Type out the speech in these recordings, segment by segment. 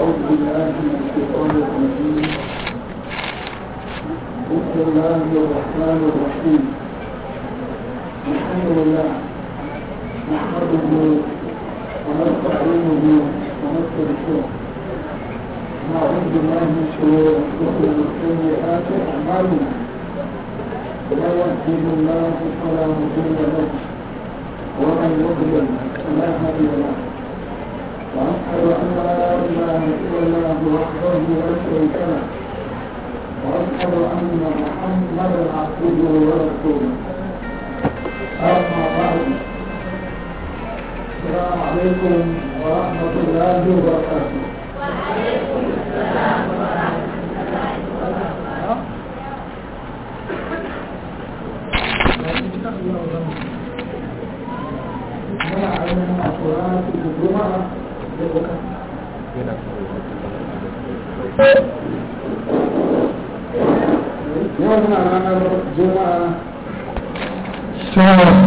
أعوذ بالله من الشيطان الرجيم بسم الله الرحمن الرحيم الحمد لله نحمده ونستعينه ونستغفره نعوذ بالله من شرور أنفسنا وسيئات أعمالنا لا يهديه الله فلا مضل له ومن يضلل فلا هادي له وأشهد أن لا إله إلا الله وحده لا شريك له وأشهد أن محمدا عبده ورسوله أما بعد السلام عليكم ورحمة الله وبركاته وعليكم السلام ورحمة الله وبركاته ما علينا صلاة الجمعة yau na ranar juma'a sha hudu sha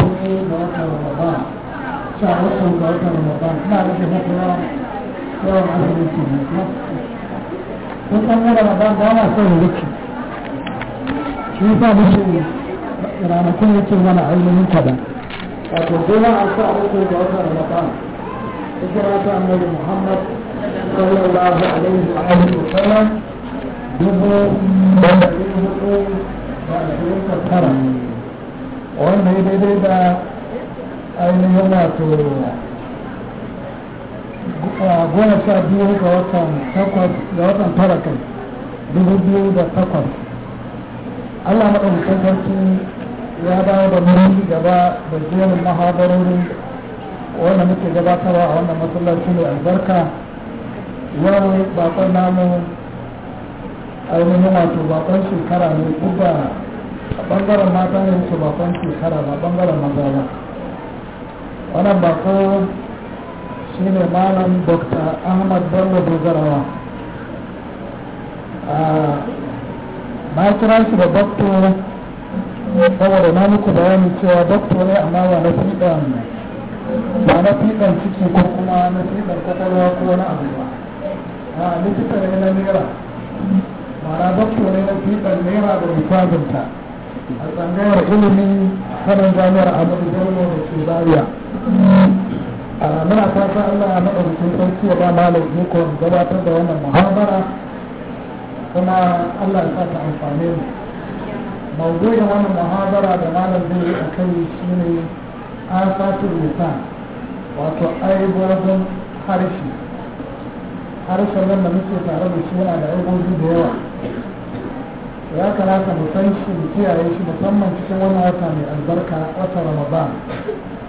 ba shi sa ranakun yake mana ainihin kaɗan wato juma'a sha hudu ga watan ramadan هجرة النبي محمد صلى الله عليه وآله وسلم da ɗari hudu da da tara wanda ya da ainihin goma sha biyu ga watan da dubu biyu da takwas allah maɗaukakin ya dawo da mu gaba da jerin mahabarorin wanda muke gabatarwa a wannan masallaci mai albarka yau bakon namu ainihin wato bakon shekara ne kuma a bangaren mata ne su bakon shekara ba bangaren maza ba wannan bako shi ne malam dr ahmad bello dogarawa na kira shi da doktor saboda na muku bayani cewa doktor ne amma ba na fiɗa ba na fiɗan ciki ko kuma na fiɗan kwakwalwa ko wani abu ba a likita ne na naira na doktor ne na fiɗan naira da rifabinta a tsangayar ilimi kanan jami'ar amadu bello da ke zaria muna fata allah ya maɗaukin sarki ya ba malam ikon gabatar da wannan muhabara kuma allah ya sa ta amfani mu mawdu'in wannan muhabara da malam zai yi a kai shi ne. asatin musa, wato aibobin harshe harshen nan da muke tare da shi yana da aibobi da yawa ya kamata mu san shi mu kiyaye shi musamman cikin wani wata mai albarka wata ramadan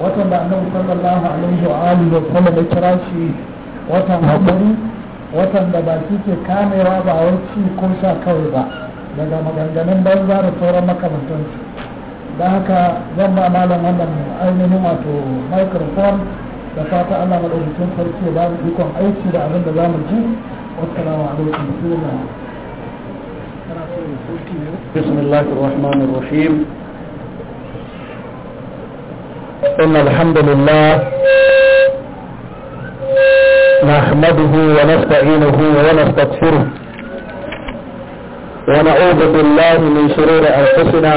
watan da annabi sallallahu alaihi wa alihi wa sallam ya kira shi watan hakuri watan da baki ke kamewa ba wai ci ko sha kawai ba daga maganganun banza da sauran makamantansu da haka zan ba malam wannan ainihin wato microphone da fata Allah madaukakin sarki farko da mu ikon aiki da abin da za mu ji assalamu alaikum بسم الله الرحمن الرحيم إن الحمد لله نحمده ونستعينه ونستغفره ونعوذ بالله من شرور أنفسنا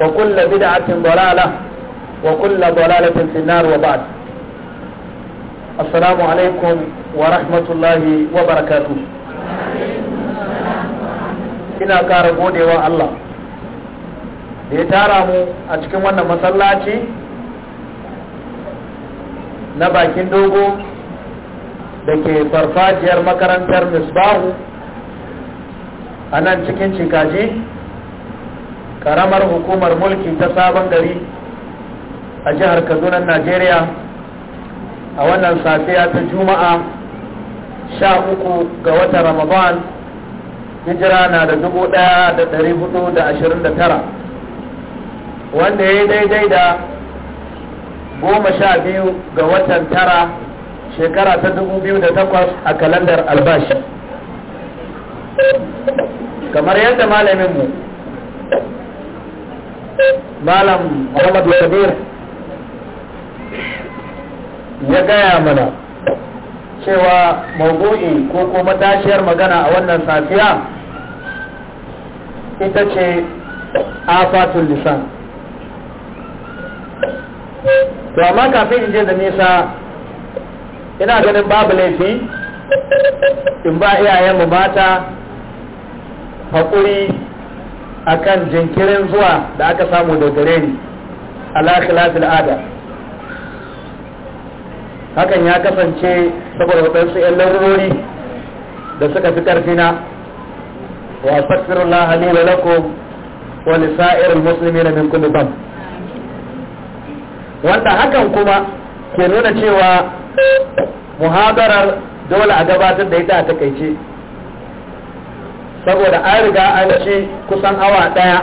وكل بدعة ضلالة وكل ضلالة في النار وبعد السلام عليكم ورحمة الله وبركاته ina ƙara godewa Allah da ya tara mu a cikin wannan masallaci na bakin dogo da ke farfajiyar makarantar misbahu a nan cikin cikaji karamar hukumar mulki ta sabon gari a jihar kaduna najeriya a wannan safiya ta juma'a sha uku ga watan ramadan hijira na da dubu da hudu wanda ya yi daidai da goma sha ga watan tara shekara ta dubu biyu a kalandar albashi kamar yadda malamin mu malam muhammadu kabir ya gaya mana cewa mawdu'i ko kuma tashiyar magana a wannan safiya ita ce afatul lisan to amma kafin in je da nisa ina ganin babu laifi in ba iyayenmu mata haƙuri akan jinkirin zuwa da aka samu da gare ni ala ada hakan ya kasance saboda waɗansu 'yan larurori da suka fi ƙarfina wa astaghfirullah li wa lakum wa li sa'iril min kulli dhanb wanda hakan kuma ke nuna cewa muhadarar dole a gabatar da ita a takaice saboda an riga an ci kusan awa ɗaya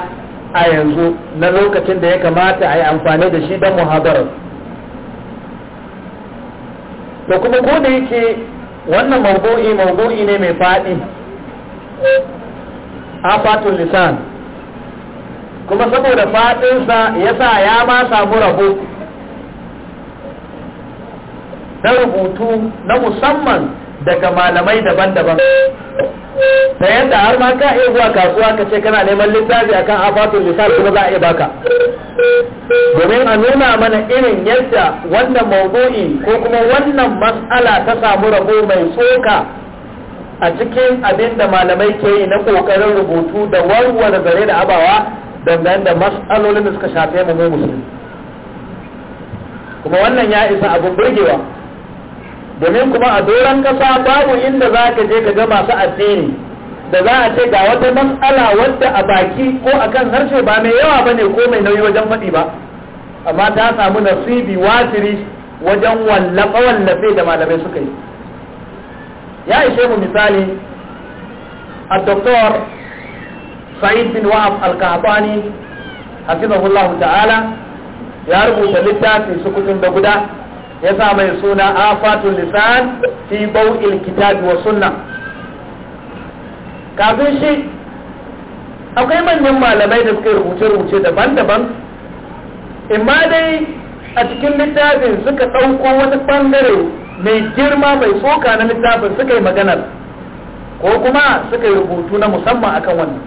a yanzu na lokacin da ya kamata a yi amfani da shi don muhabarar da kuma ko da yake wannan maudu'i maudu'i ne mai faɗi a fatun lisan kuma saboda faɗinsa ya sa ya ma samu rabo na rubutu na musamman daga malamai daban-daban ta yadda har ma ka iya zuwa kasuwa ka ce kana neman littafi akan afatun misal kuma za a iya baka domin a nuna mana irin yadda wannan maudu'i ko kuma wannan mas'ala ta samu rabo mai tsoka a cikin abin da malamai ke yi na kokarin rubutu da warware gare da abawa dangane da mas'alolin da suka shafe mu musulmi kuma wannan ya isa abin burgewa domin kuma a doron kasa babu inda za ka je ka ga masu addini da za a ce ga wata matsala wadda a baki ko a kan harshe ba mai yawa ba ne ko mai nauyi wajen faɗi ba amma ta samu nasibi watiri wajen wallafe-wallafe da malamai suka yi ya ishe mu misali a doktor sa'id bin wa'af al-kahabani hafizahullahu ta'ala ya rubuta littafin kuɗin da guda ya sa mai suna afatun lisan fi bau'il kitabi wa sunna kafin shi akwai manyan malamai da suka rubuce-rubuce daban-daban imma dai a cikin littafin suka ɗauko wata ɓangare mai girma mai tsoka na littafin suka yi maganar ko kuma suka yi rubutu na musamman akan wannan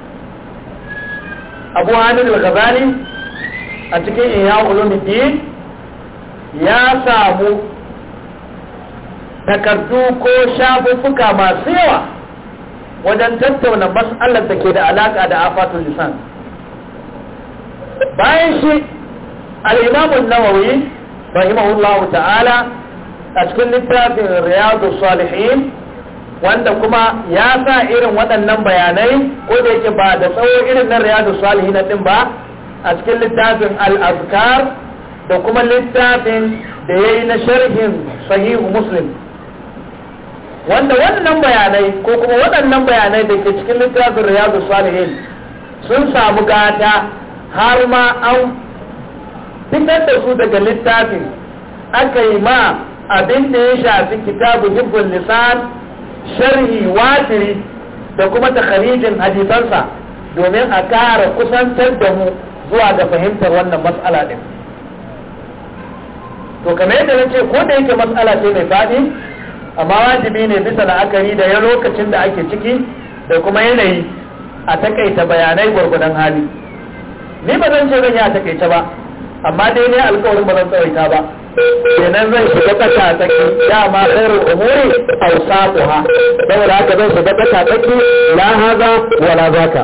abu hannun al a cikin iya ulumiddin ya samu takardu ko shafuffuka masu yawa wajen tattauna mas'alar da ke da alaƙa da afatul lisan bayan shi al'imamun nawawi rahimahullahu ta'ala a cikin littafin riyadu salihin wanda kuma ya sa irin waɗannan bayanai ko da yake ba da tsawo irin na riyadu salihin din ba a cikin littafin askar da kuma littafin da ya yi na sharhin sahihu muslim wanda wannan bayanai ko kuma waɗannan bayanai da ke cikin littafin riyadu salihin sun samu gata har ma an fitar da su daga littafin aka yi ma abin da ya shafi kitabu hibbul lisan sharhi watiri da kuma kharijin hadisansa domin a kara kusantar da mu zuwa ga fahimtar wannan matsala din to kamar yadda na ce ko da yake matsala ce mai faɗi amma wajibi ne bisa la'akari da ya lokacin da ake ciki da kuma yanayi a takaita bayanai gwargwadon hali ni ba zan ce zan yi a takaice ba amma dai ne alkawarin ba zan tsawaita ba kenan zan shiga tsaka tsaki dama khairul umuri ha. saboda haka zan shiga tsaka tsaki la haza zaka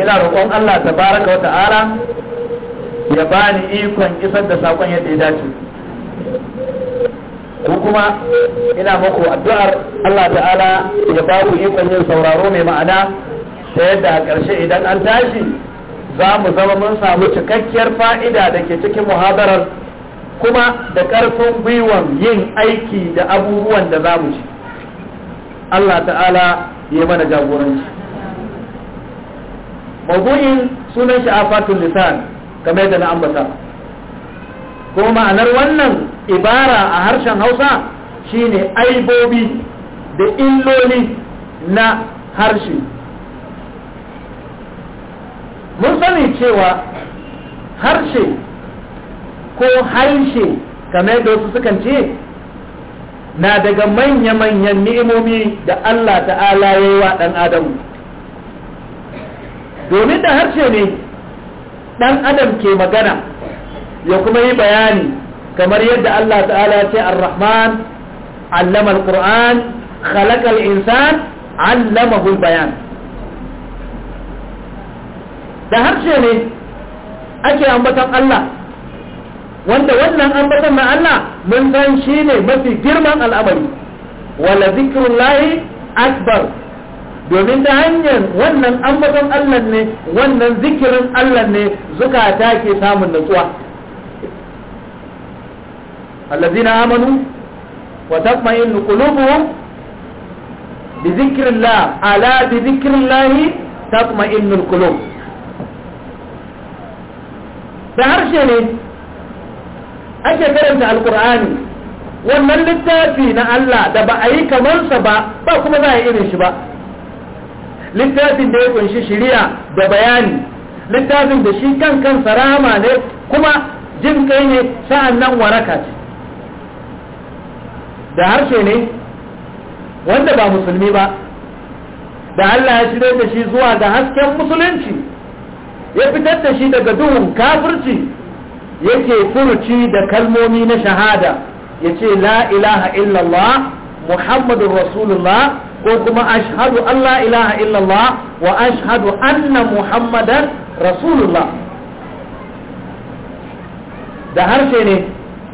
ina roƙon Allah ta baraka wata ara. ya ba ni ikon isar da sakon yadda ya dace ku kuma ina muku addu'ar Allah ta'ala ya ba ku ikon yin sauraro mai ma'ana ta yadda a ƙarshe idan an tashi za mu zama mun samu cikakkiyar fa'ida da ke cikin muhadarar kuma da ƙarfin gwiwan yin aiki da abubuwan da za mu ci Allah ta'ala ya mana jagoranci mabu'in sunan shi a fatin lisan kamar yadda na ambata kuma ma'anar wannan ibara a harshen hausa shine aibobi da illoli na harshe mun sani cewa harshe ko harshe kamar yadda wasu sukan ce na daga manya-manyan ni'imomi da Allah ta'ala ya yi wa ɗan adamu domin da harshe ne dan adam ke magana ya kuma yi bayani kamar yadda Allah ta'ala ce ar-rahman allama al-qur'an khalaqa al-insan allamahu al-bayan da harshe ne ake ambaton Allah wanda wannan ambaton na Allah mun san ne mafi girman al'amari wala zikrullahi akbar domin ta hanyar wannan ambaton Allah ne wannan zikirin Allah ne zukata ke samun natsuwa allazina amanu wa tatma'innu qulubuhum bi zikrillah ala bi zikrillah tatma'innul qulub da harshe ne ake karanta alqur'ani wannan littafi na Allah da ba a yi sa ba ba kuma za a yi irin shi ba littafin da ya kunshi shiriya da bayani littafin da shi kan kansa ne kuma jin kai ne sa'an nan waraka ce da harshe ne wanda ba musulmi ba da Allah ya shirya da shi zuwa ga hasken musulunci ya fitar da shi daga duhun kafirci yake furuci da kalmomi na shahada ya ce la ilaha illallah muhammadun rasulullah ko kuma ashhadu Allah ilaha illallah wa ashhadu anna muhammadan rasulullah da harshe ne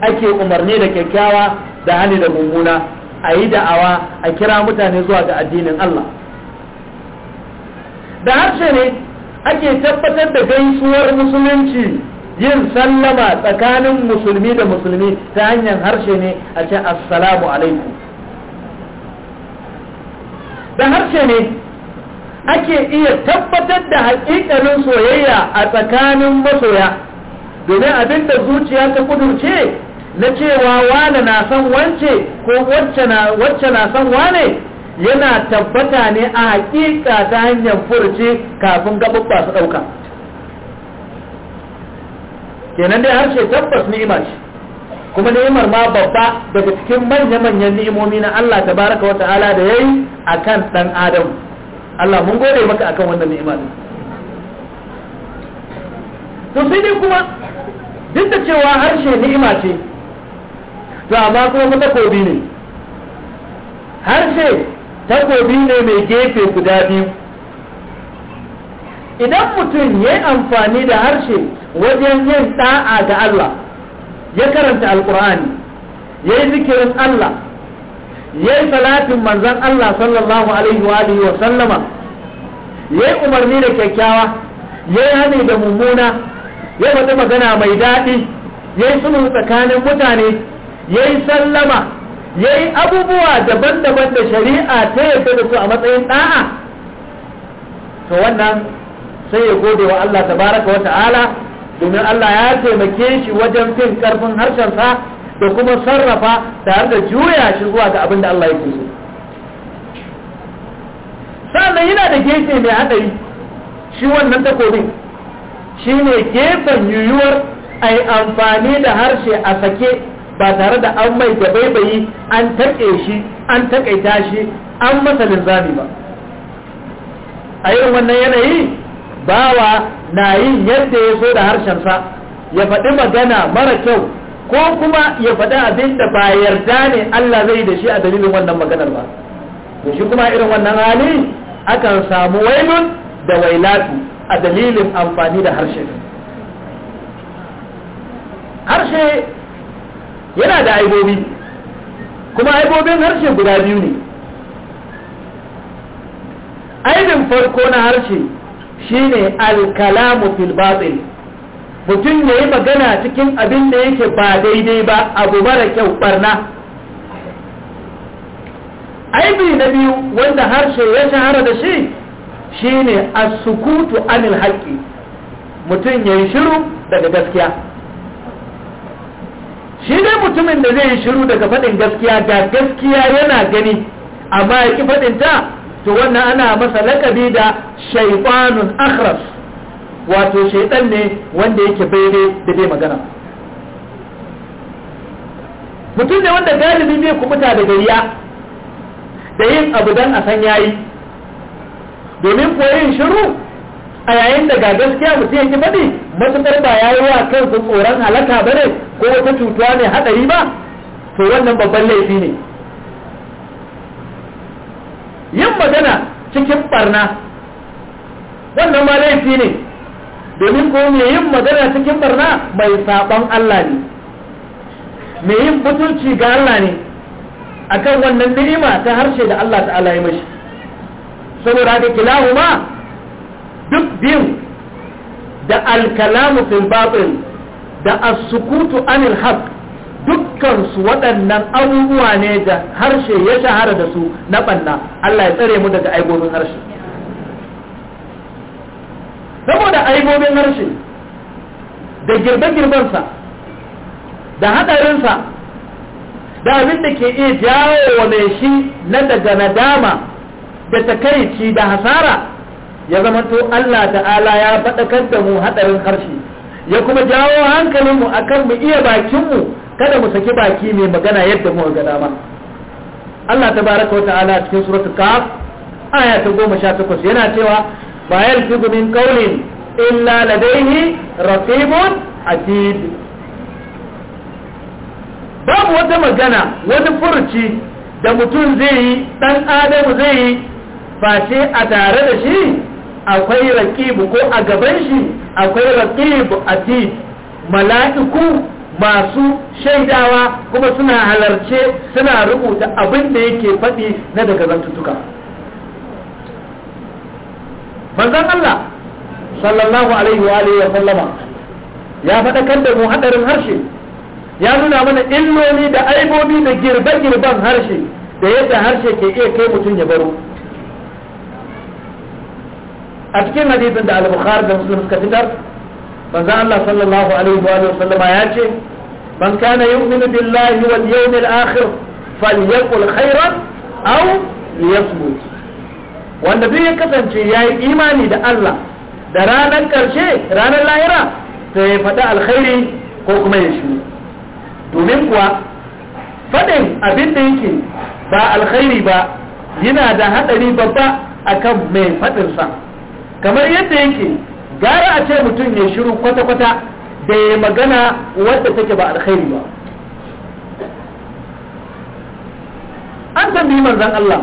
ake umarni da kyakkyawa da hali da mummuna a yi da'awa a kira mutane zuwa ga addinin Allah da harshe ne ake tabbatar da gaisuwar musulunci yin sallama tsakanin musulmi da musulmi ta hanyar harshe ne a ce assalamu alaikum da harshe ne ake iya tabbatar da haƙiƙanin soyayya a tsakanin masoya domin abin da zuciya ta kudurce na cewa wane na san wance ko wacce na san wane yana tabbata ne a haƙiƙa ta hanyar furce kafin gaɓuɓɓa su ɗauka kenan dai harshe tabbas ni'ima ce kuma ni'imar ma babba daga cikin manya-manyan ni'imomi na Allah tabaraka wa ta'ala da yayi akan dan adam Allah mun gode maka akan wannan ni'ima din to sai dai kuma duk da cewa harshe ni'ima ce to amma kuma kuma takobi ne harshe takobi ne mai gefe guda biyu idan mutum ya yi amfani da harshe wajen yin da'a ga Allah ya karanta alkur'ani ya yi zikirin Allah ya yi salatin manzan Allah sallallahu alaihi wa alihi wa sallama ya yi umarni da kyakkyawa ya yi hani da mummuna ya faɗi magana mai daɗi ya yi sulhu tsakanin mutane ya yi sallama ya yi abubuwa daban-daban da shari'a ta yarda da su a matsayin ɗa'a to wannan sai ya gode wa Allah tabaraka wa ta'ala domin Allah ya taimake shi wajen fin karfin sa da kuma sarrafa tare da juya shi zuwa ga abin da Allah yake so sannan yana da gefe mai haɗari shi wannan takobin shi ne gefen yiwuwar a yi amfani da harshe a sake ba tare da an mai da baibayi an taƙe shi an taƙaita shi an masa linzami ba a irin wannan yanayi bawa na yin yadda ya so da harshensa ya faɗi magana mara kyau ko kuma ya faɗi abin da ba yarda ne Allah zai da shi a dalilin wannan maganar ba to shi kuma irin wannan hali akan samu wailun da wailatu a dalilin amfani da harshe harshe yana da aibobi kuma aibobin harshe guda biyu ne aibin farko na harshe shine ne fil batil mutum ya yi magana cikin abin da yake ba daidai ba abu mara kyau barna aibi na biyu wanda harshe ya shahara da shi shine as-sukutu anil haqqi mutum ya yi shiru daga gaskiya shi ne mutumin da zai yi shiru daga faɗin gaskiya ga gaskiya yana gani amma ya ƙi faɗinta to wannan ana masa lakabi da shaifanun akhras wato shaitan ne wanda yake baide da bai magana mutum ne wanda galibi zai kubuta da gariya da yin abu dan a san yayi domin kuwa shiru a yayin da ga gaskiya mutum yake faɗi matuƙar ba ya yi wa kansu tsoron halaka ba ne ko wata cutuwa ne haɗari ba to wannan babban laifi ne yin magana cikin barna wannan ma laifi ne domin ko mai yin magana cikin barna mai saɓon Allah ne mai yin butulci ga Allah ne akan wannan ni'ima ta harshe da Allah ta'ala ya mashi saboda da kilahuma duk biyu da alkalamu fil batil da as-sukutu anil haqq dukkansu waɗannan abubuwa ne da harshe ya shahara da su na ɓanna Allah ya tsare mu daga aibobin harshe saboda aibobin harshe da girbe-girbensa da haɗarinsa da abin da ke iya jawo wa mai shi na daga nadama da takaici da hasara ya zama to Allah ta'ala ya faɗakar da mu haɗarin harshe ya kuma jawo hankalinmu akan mu iya bakinmu kada mu saki baki mai magana yadda mu ga dama Allah tabaraka ta'ala cikin suratul kaf aya ta takwas, yana cewa ba yalfidu min qawlin illa ladayhi raqibun atid babu wata magana wani furci da mutum zai yi dan adamu zai yi face a tare da shi akwai raqib ko a gaban shi akwai raqib atid mala'iku masu shaidawa kuma suna halarce suna rubuta abin da yake faɗi na daga zantuttuka manzan Allah sallallahu alaihi wa alihi wa sallama ya faɗakar da mu haɗarin harshe ya nuna mana illoli da aibobi da girbe-girben harshe da yadda harshe ke iya kai mutum ya baro a cikin hadisin da al-bukhari da muslim suka fitar manzo Allah sallallahu alaihi wa sallam ya ce man kana yu'minu billahi wal yawmil akhir falyaqul khairan aw liyasmut wanda duk ya kasance yayi imani da Allah da ranar karshe ranar lahira sai ya faɗi alkhairi ko kuma ya shi domin kuwa faɗin abin da yake ba alkhairi ba yana da haɗari babba akan mai faɗinsa kamar yadda yake gara a ce mutum ya shiru kwata-kwata da ya magana wadda take ba alkhairi ba an tambayi manzan Allah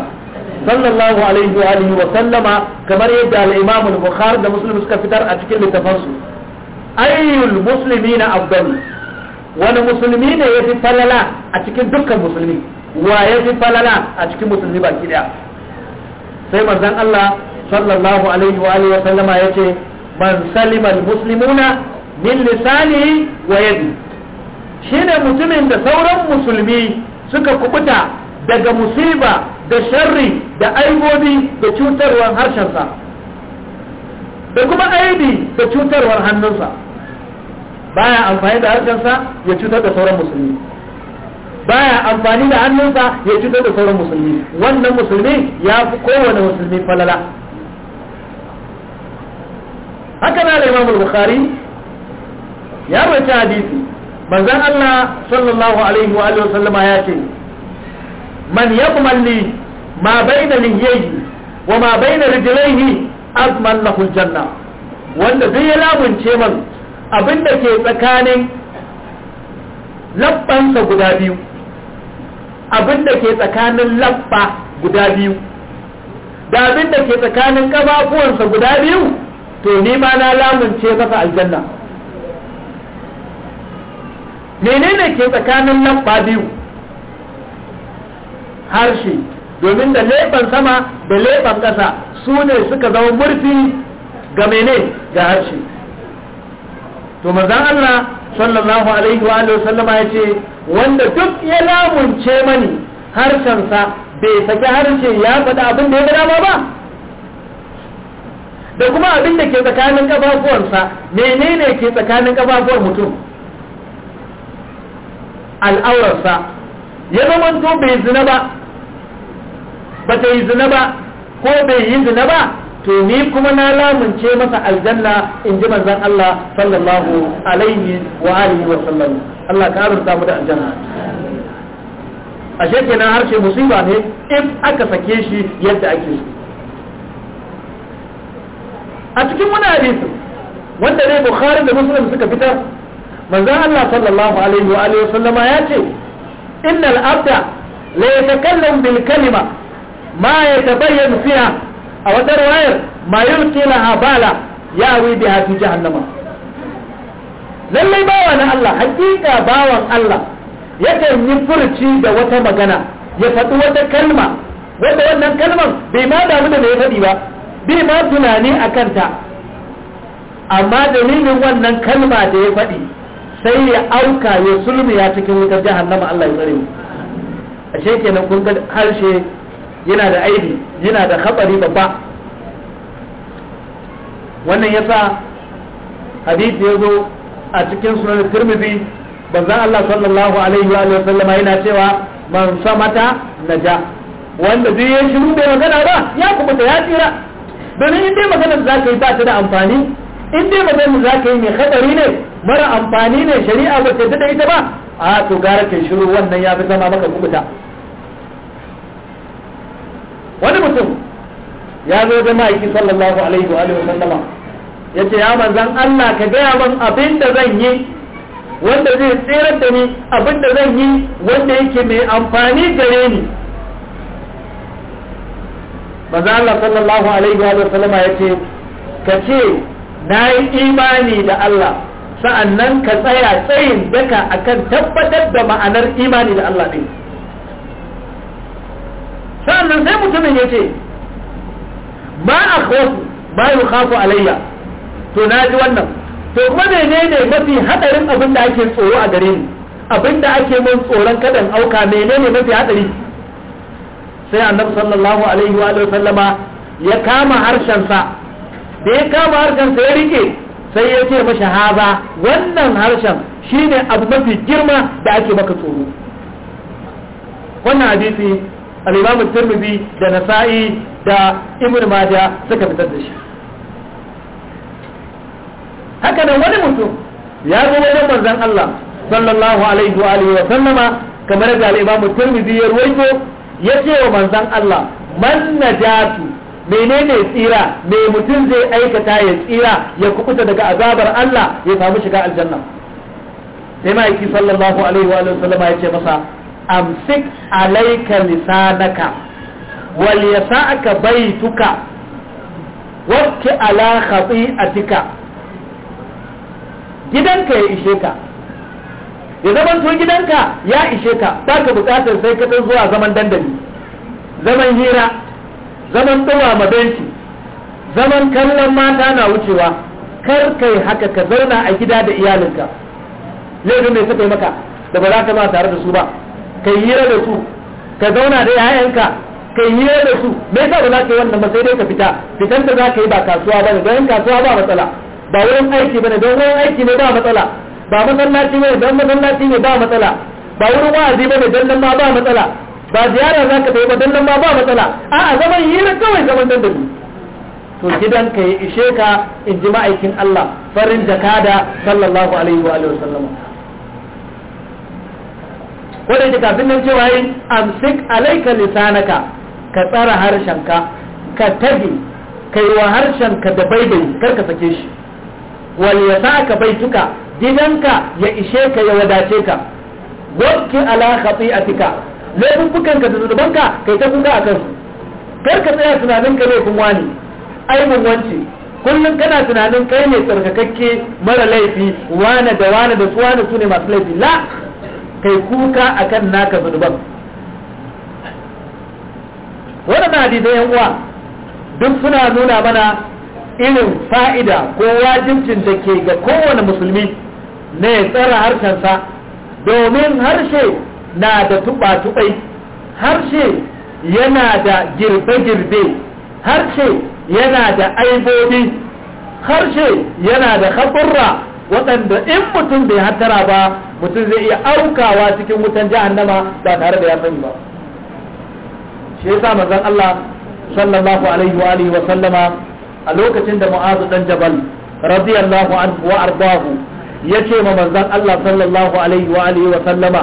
sallallahu alaihi wa alihi wa sallama kamar yadda al-Imam al-Bukhari da Muslim suka fitar a cikin littafansu ayyul muslimina afdal wani musulmi ne yafi falala a cikin dukkan musulmi wa yafi falala a cikin musulmi baki daya sai manzan Allah sallallahu alaihi wa alihi wa sallama yace man salima almuslimuna min lisanihi wa yadi shine mutumin da sauran musulmi suka kubuta daga musiba da sharri da aibobi da cutarwar harshensa da kuma aibi da cutarwar hannunsa baya amfani da harshensa ya cutar da sauran musulmi baya amfani da hannunsa ya cutar da sauran musulmi wannan musulmi ya fi kowane musulmi falala haka na Imam Bukhari ya rawaita hadisi manzon Allah sallallahu alaihi wa alihi wasallama ya ce man yaqmal li ma baina lihyayhi wa ma baina rijlaihi azman lahu janna wanda duk ya labunce man abinda ke tsakanin labbansa guda biyu abinda ke tsakanin labba guda biyu da abinda ke tsakanin kafafuwansa guda biyu to ni ma na lamunce masa aljanna menene ke tsakanin lamba biyu harshe domin da leɓen sama da leɓen ƙasa su ne suka zama murfi ga mene ga harshe to mazan Allah sallallahu alaihi wa sallama ya ce wanda duk ya lamunce mani harshen sa bai saki harshe ya faɗi abin da ya gada ba da kuma abin da ke tsakanin ƙafafuwansa menene ke tsakanin ƙafafuwan mutum al'aurarsa ya zamanto bai zina ba ba ta yi zina ba ko bai yi zina ba to ni kuma na lamunce masa aljanna in ji manzan Allah sallallahu alaihi wa alihi wa sallam Allah ka arzuta mu da aljanna ashe kenan harshe musiba ne in aka sake shi yadda ake so a cikin wani hadisi wanda ne bukhari da muslim suka fitar manzon Allah sallallahu alaihi wa alihi wasallama ya ce innal abda la yatakallam bil kalima ma yatabayyan fiha a wata riwayar ma yulqi laha bala yawi biha fi jahannama lallai bawa na Allah hakika bawan Allah yakan yi furci da wata magana ya faɗi wata kalma wanda wannan kalmar bai ma damu da ya faɗi ba Bi ma tunani a kanta amma dalilin wannan kalma da ya faɗi sai ya auka ya ya cikin wutar jahannama Allah ya tsare a kenan kun ga harshe yana da aibi yana da khabari babba wannan yasa hadisi ya zo a cikin sunan tirmidhi banzan Allah sallallahu alaihi wa sallama yana cewa man samata naja wanda duk ya shiru bai magana ba ya kuma ta ya tsira domin in dai maganar za ka yi ba ta da amfani in dai maganar za ka yi mai hatsari ne mara amfani ne shari'a ba ta da ita ba a to gara kai shiru wannan ya fi zama maka kubuta wani mutum ya zo da ma'aiki sallallahu alaihi wa sallama ya ce ya manzan Allah ka gaya man abin da zan yi wanda zai tsirar da ni abin da zan yi wanda yake mai amfani gare ni manzo Allah sallallahu alaihi wa sallama yace ka ce nayi imani da Allah sa'annan ka tsaya tsayin daka akan tabbatar da ma'anar imani da Allah din sa'annan sai mutumin ya ce akhafu ma alayya to naji wannan to kuma menene mafi hadarin abin da ake tsoro a gare ni abin da ake mun tsoron kadan auka menene mafi hadari sai annabi sallallahu alaihi wa sallama ya kama harshensa da ya kama harshen sa ya rike sai ya ce mashi haza wannan harshen shine abu mafi girma da ake maka tsoro wannan hadisi al imam tirmidhi da nasa'i da ibn majah suka fitar da shi haka nan wani mutum ya zo wajen manzon Allah sallallahu alaihi wa wa sallama kamar da al imam tirmidhi ya ruwaito ya ce wa manzan Allah man najatu menene tsira me mutum zai aikata ya tsira ya kubuta daga azabar Allah ya samu shiga aljanna sai ma'aiki sallallahu alaihi wa sallama ya ce masa amsik alaika lisanaka wal yasa'aka baituka wakki ala khati'atika gidanka ya ishe ka ya zaman to gidanka ya ishe ka ba ka bukatar sai ka zuwa zaman dandali zaman hira zaman ɗumama benci zaman kallon mata na wucewa kar kai haka ka zauna a gida da iyalinka laifin mai suka yi maka da ba za ka ma tare da su ba kai hira da su ka zauna da 'ya'yanka kai hira da su me yasa ba za ka yi wannan ba sai dai ka fita fitanta da za ka yi ba kasuwa ba ne don kasuwa ba matsala ba wurin aiki ba ne don wurin aiki ne ba matsala ba masallaci ne dan masallaci ne ba matsala ba wurin wa'azi ne dan nan ma ba matsala ba ziyara za ka ba dan nan ma ba matsala a'a zaman yi na kawai zaman dan da to gidan ka yi ishe ka in ji ma'aikin Allah farin jakada sallallahu alaihi wa alihi wasallam wanda kafin nan cewa yin amsik alaika lisanaka ka tsara harshenka ka tabi kai wa harshenka da baibai kar ka sake shi wal ka baituka gidanka ya ishe ka ya wadace ka wanki ala khati'atika laifukan ka da zunubanka kai ta kuka akan su kar ka tsaya tunanin ka kun wani mun wanci kullum kana tunanin kai ne tsarkakakke mara laifi wane da wani da suwane su ne masu laifi la kai kuka akan naka zunuban waɗannan hadisai yan uwa duk suna nuna mana irin fa'ida ko wajibcin da ke ga kowane musulmi na ya tsara harshensa domin harshe na da tuba-tubai harshe yana da girbe-girbe harshe yana da aibobi harshe yana da haɓurra waɗanda in mutum bai hatara ba mutum zai iya aukawa cikin wutan jahannama ba tare da ya sani ba shi yasa manzon Allah sallallahu alaihi wa alihi wa sallama a lokacin da Mu'adh dan Jabal radiyallahu anhu wa ardahu ya ce ma manzan Allah sallallahu alaihi wa alihi wa sallama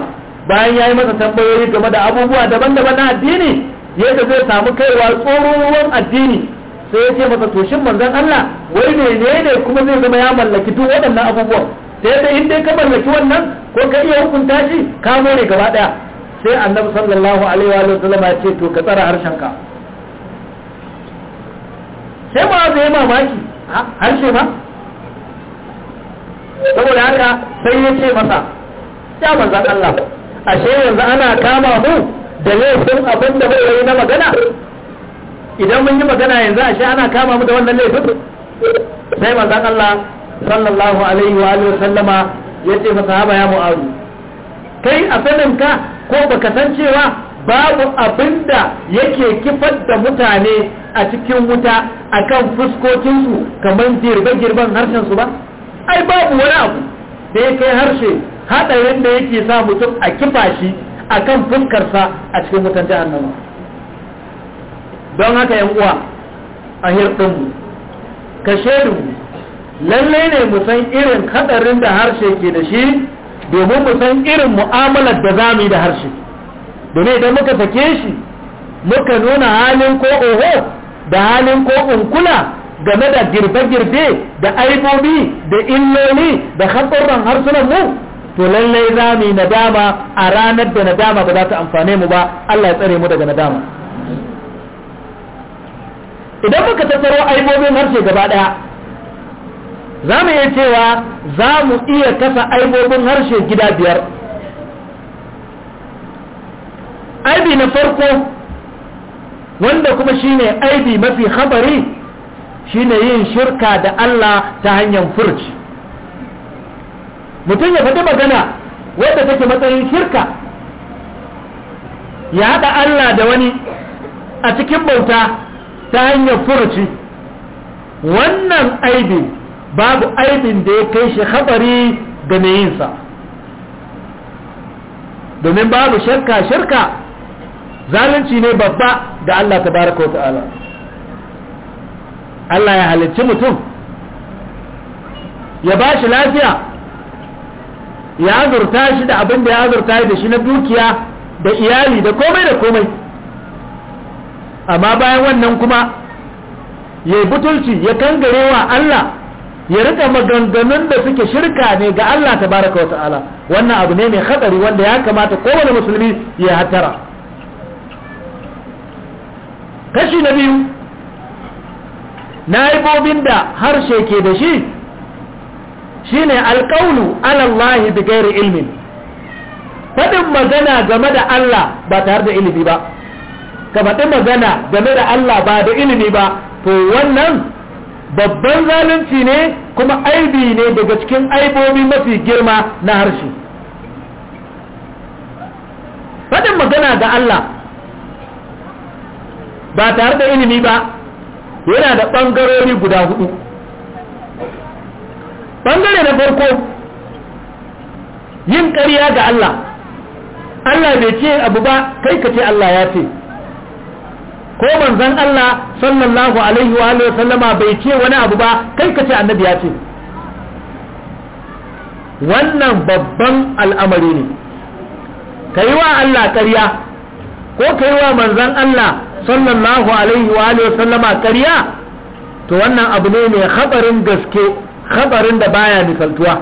bayan yayi masa tambayoyi game da abubuwa daban-daban na addini yadda zai samu kaiwa tsoron addini sai ya ce masa to shin manzan Allah wai menene kuma zai zama ya mallaki duk waɗannan abubuwan sai dai in dai ka mallaki wannan ko ka iya hukunta shi ka more gaba daya sai annabi sallallahu alaihi wa sallam ya ce to ka tsara harshen ka sai ma zai mamaki harshe ma saboda haka sai ya ce masa ya manzan Allah ashe yanzu ana kama mu da laifin abin da muka yi na magana idan mun yi magana yanzu ashe ana kama mu da wannan laifin sai manzan Allah sallallahu alaihi wa alihi sallama ya ce masa haba ya mu'azu kai a sanin ka ko baka san cewa babu abin da yake kifar da mutane a cikin wuta akan fuskokinsu kamar girbe-girben su ba ai babu wani abu da ya kai harshe hadarin da yake sa mutum a kifa shi a kan fuskarsa a cikin wutan jahannama don haka yan uwa a hirɗinmu ka shaidu lallai ne mu san irin hadarin da harshe ke da shi domin mu san irin mu'amalar da za yi da harshe domin idan muka sake shi muka nuna halin ko oho da halin ko unkula game da girbe-girbe da aibobi da illoli da haƙorran harsunan mu to lallai za mu yi nadama a ranar da nadama ba za ta amfane mu ba Allah ya tsare mu daga nadama idan muka tattaro aibobin harshe gaba ɗaya za mu iya cewa za mu iya kasa aibobin harshe gida biyar aibi na farko wanda kuma shine aibi mafi habari shine yin shirka da Allah ta hanyar furci mutum ya faɗi magana wadda take matsayin shirka ya haɗa Allah da wani a cikin bauta ta hanyar furci wannan aibi babu aibin da ya kai shi khabari ga mai yinsa domin babu shirka shirka zalunci ne babba ga Allah tabaraka wa ta'ala Allah ya halicci mutum ya ba shi lafiya ya azurta shi da abin da ya azurta da shi na dukiya da iyali da komai da komai amma bayan wannan kuma ya butulci ya kangarewa Allah ya rika maganganun da suke shirka ne ga Allah ta baraka wata ala wannan abu ne mai hatsari wanda ya kamata kowane musulmi ya hatara kashi na biyu naibobin da harshe ke da shi shine alƙaunu alallahi bi gairi ilmin faɗin magana game da Allah ba tare da ilimi ba ka magana game da Allah ba da ilimi ba to wannan babban zalunci ne kuma aibi ne daga cikin aibobi mafi girma na harshe faɗin magana ga Allah ba tare da ilimi ba yana da ɓangarori guda hudu ɓangare na farko yin ƙarya ga Allah Allah bai ce abu ba kai ka ce Allah ya ce ko manzon Allah sallallahu alaihi wa sallama bai ce wani abu ba kai ka ce annabi ya ce wannan babban al'amari ne ka yi wa Allah ƙarya ko ka yi wa manzan Allah sallallahu alaihi wa alihi sallama ƙarya to wannan abu ne mai habarin gaske habarin da baya misaltuwa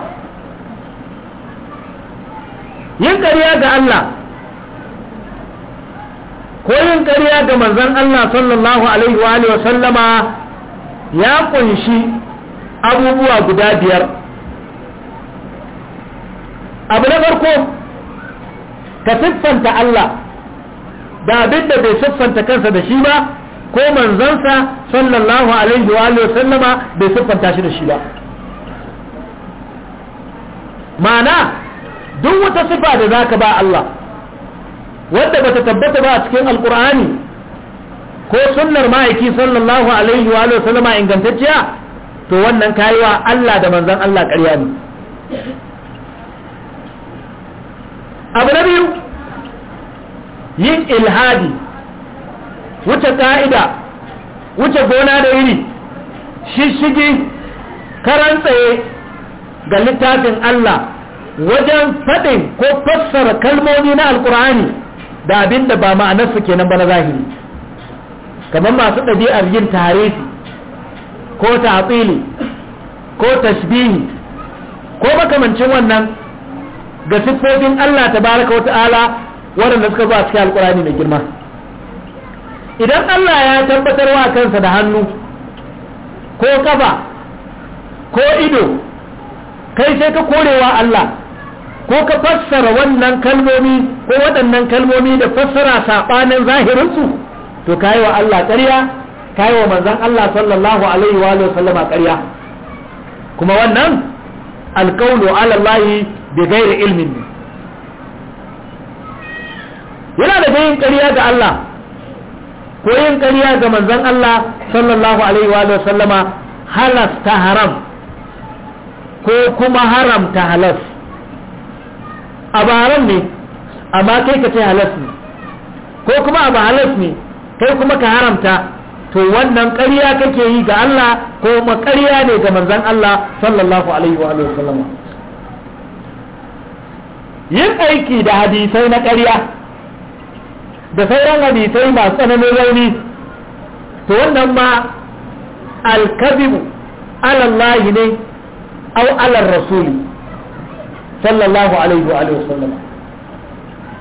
yin ƙarya ga Allah ko yin ƙarya ga manzon Allah sallallahu alaihi wa alihi sallama ya kunshi abubuwa guda biyar abu na farko ka siffanta Allah da abin da bai siffanta kansa da shi ba ko manzansa sallallahu alaihi wa sallama bai siffanta shi da shi ba ma'ana duk wata siffa da za ka ba Allah wadda bata tabbata ba a cikin alkur'ani ko sunnar ma'aiki sallallahu alaihi wa sallama ingantacciya to wannan kayiwa Allah da manzan Allah ƙarya ne abu na biyu yin ilhadi wuce ƙa'ida wuce gona da iri shishigi karantsaye ga littafin Allah wajen faɗin ko fassara kalmomi na alkur'ani da abin da ba ma'anarsu kenan ba na zahiri kamar masu ɗabi'ar yin tarihi ko ta'atili ko tasbihi ko makamancin wannan ga siffofin Allah tabaraka Wata'ala. waɗanda suka zo a cikin alkurani mai girma idan Allah ya tabbatar wa kansa da hannu ko kafa ko ido kai sai ka korewa Allah ko ka fassara wannan kalmomi ko waɗannan kalmomi da fassara saɓanin zahirinsu to ka yi wa Allah ƙarya ka yi wa manzan Allah sallallahu alaihi wa sallama ƙarya kuma wannan alƙaunu alallahi bi gairi ilmin ne yana da yin ƙarya ga Allah ko yin ƙarya ga manzon Allah sallallahu alaihi wa sallama halas ta haram ko kuma haram ta halas abu haram ne amma kai ka ce halas ne ko kuma abu halas ne kai kuma ka haramta to wannan ƙarya kake yi ga Allah ko kuma ƙarya ne ga manzon Allah sallallahu alaihi wa sallama yin aiki da hadisai na ƙarya da sauran hadisai masu tsananin rauni to wannan ma alkazibu alallahi ne au alar rasuli sallallahu alaihi wa sallam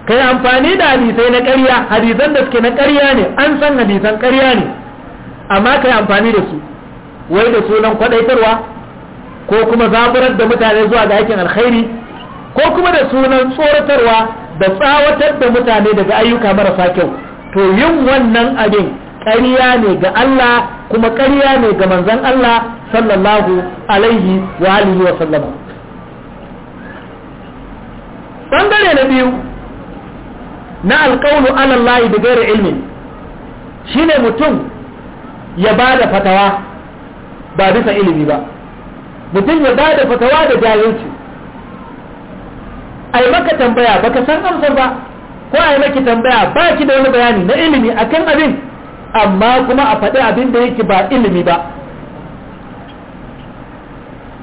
kai amfani da hadisai na ƙarya hadisan da suke na ƙarya ne an san hadisan ƙarya ne amma kai amfani da su wai da sunan kwadaitarwa ko kuma zaburar da mutane zuwa ga aikin alkhairi ko kuma da sunan tsoratarwa da tsawatar da mutane daga ayyuka marasa kyau to yin wannan abin ƙarya ne ga Allah kuma ƙarya ne ga manzon Allah sallallahu alaihi wa alihi wa sallam bangare na biyu na alƙaunu Allah da gaira ilmin shine mutum ya ba da fatawa ba bisa ilimi ba mutum ya ba da fatawa da jahilci ai maka tambaya baka san amsar ba ko ai maki tambaya ba ki da wani bayani na ilimi akan abin amma kuma a faɗi abin da yake ba ilimi ba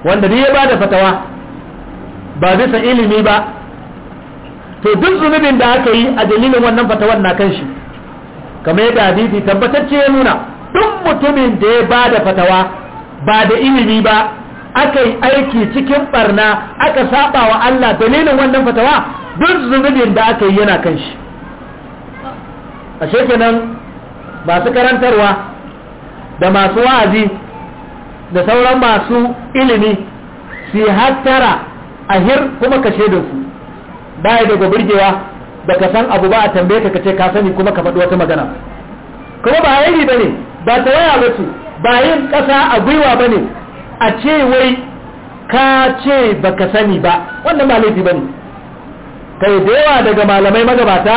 wanda ne ya ba da fatawa ba bisa ilimi ba to duk zunubin da aka yi a dalilin wannan fatawan na kan shi kamar yadda hadisi tabbatacce ya nuna duk mutumin da ya ba da fatawa ba da ilimi ba aka aiki cikin barna aka saba wa Allah dalilin wannan fatawa duk zunubin da aka yi yana kan shi a shekinan masu karantarwa da masu wa'azi da sauran masu ilimi su hattara a hir kuma ka su, baya daga burgewa da ka san abu ba a tambaye ka kace ka sani kuma ka faɗi wata magana kuma ba yayi ba ba tawaya ba ce ba yin ƙasa a gwiwa bane a ce wai ka ce baka sani ba wannan ba laifi bane kai da yawa daga malamai magabata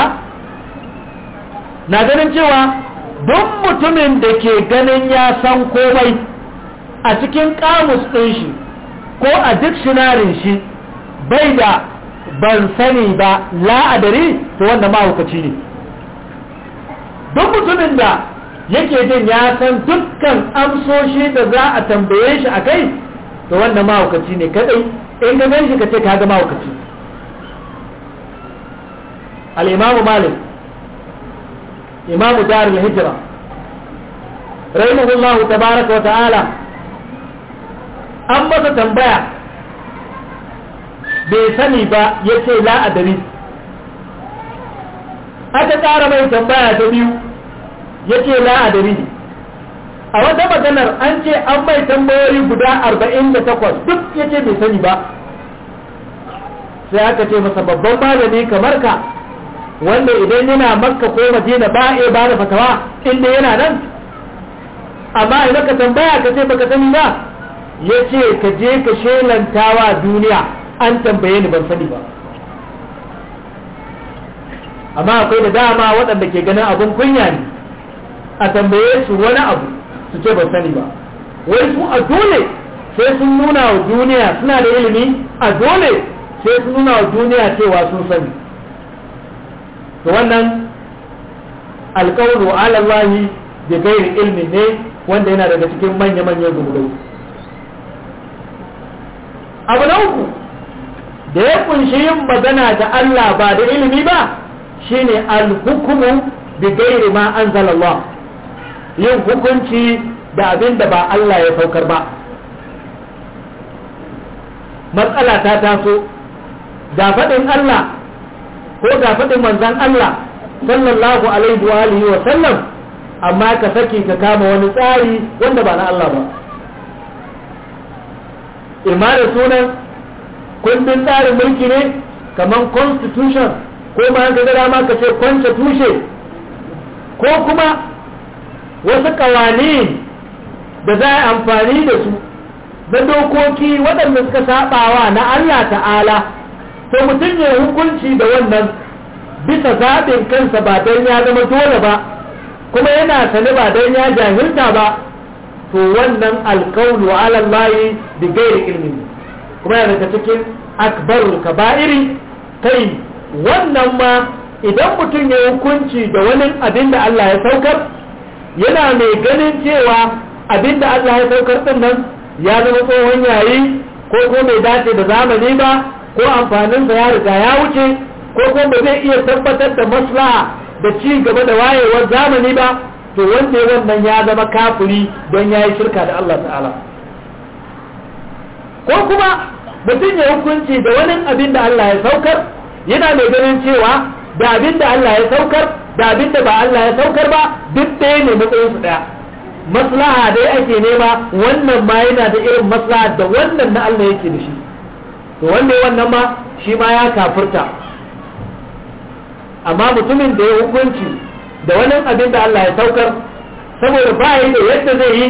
na ganin cewa duk mutumin da ke ganin ya san komai a cikin kamus ɗin shi ko a shinarin shi bai da ban sani ba la'adari to wannan mahaukaci ne duk mutumin da yake jin ya san dukkan amsoshi da za a tambaye shi a kai to wannan mahaukaci ne kadai in ka ganshi ka ce ka ga mahaukaci al malik imamu dar al-hijra rahimahullahu tabaraka wa ta'ala an masa tambaya bai sani ba yace ce la'adari aka tsara mai tambaya ta biyu yace la adari a wata maganar an ce an mai tambayoyi guda 48 duk yake bai sani ba sai aka ce masa babban malami kamar ka wanda idan yana makka ko madina ba a ba da fatawa inda yana nan amma idan ka tambaya ka ce baka sani ba yace ka je ka shelantawa duniya an tambaye ni ban sani ba amma akwai da dama waɗanda ke ganin abin kunya ne a tambaye su wani abu su ce ba sani ba wai su a dole sai sun nuna wa duniya suna da ilimi a dole sai sun nuna wa duniya cewa sun sani to wannan alƙawlu alallahi da gairi ne wanda yana daga cikin manya-manyan gudu abu na uku da ya kunshi yin magana da Allah ba da ilimi ba shine alhukumu bi gairi ma anzalallahu. yin hukunci da abin da ba Allah ya saukar ba matsala ta taso Ga faɗin Allah ko ga faɗin manzan Allah sallallahu alaihi wa alihi wa sallam amma ka saki ka kama wani tsari wanda ba na Allah ba imanin sunan kundin tsarin mulki ne kamar constitution ko ma ka ga dama ka ce tushe, ko kuma wasu ƙawani da za a amfani da su na dokoki waɗanda suka saɓawa na Allah ta'ala to mutum ya hukunci da wannan bisa zaɓin kansa ba don ya zama dole ba kuma yana sani ba don ya jahilta ba to wannan alkaunu alallahi da gairi ilmi kuma yana daga cikin akbarul kaba'iri kai wannan ma idan mutum ya hukunci da wani abin da Allah ya saukar yana mai ganin cewa abinda Allah ya saukar din nan ya zama tsohon yayi ko ko bai dace da zamani ba ko amfanin da ya riga ya wuce ko ko ba zai iya tabbatar da maslaha da ci gaba da wayewar zamani ba to wanda wannan ya zama kafiri don yayi shirka da Allah ta'ala ko kuma mutum ya hukunci da wani abin da Allah ya saukar yana mai ganin cewa da abin da Allah ya saukar da abin da ba Allah ya saukar ba duk ɗaya ne matsayin su ɗaya maslaha dai ake nema wannan ma yana da irin maslaha da wannan na Allah yake da shi to wanda wannan ma shi ma ya kafirta amma mutumin da ya hukunci da wannan abin da Allah ya saukar saboda ba yi da yadda zai yi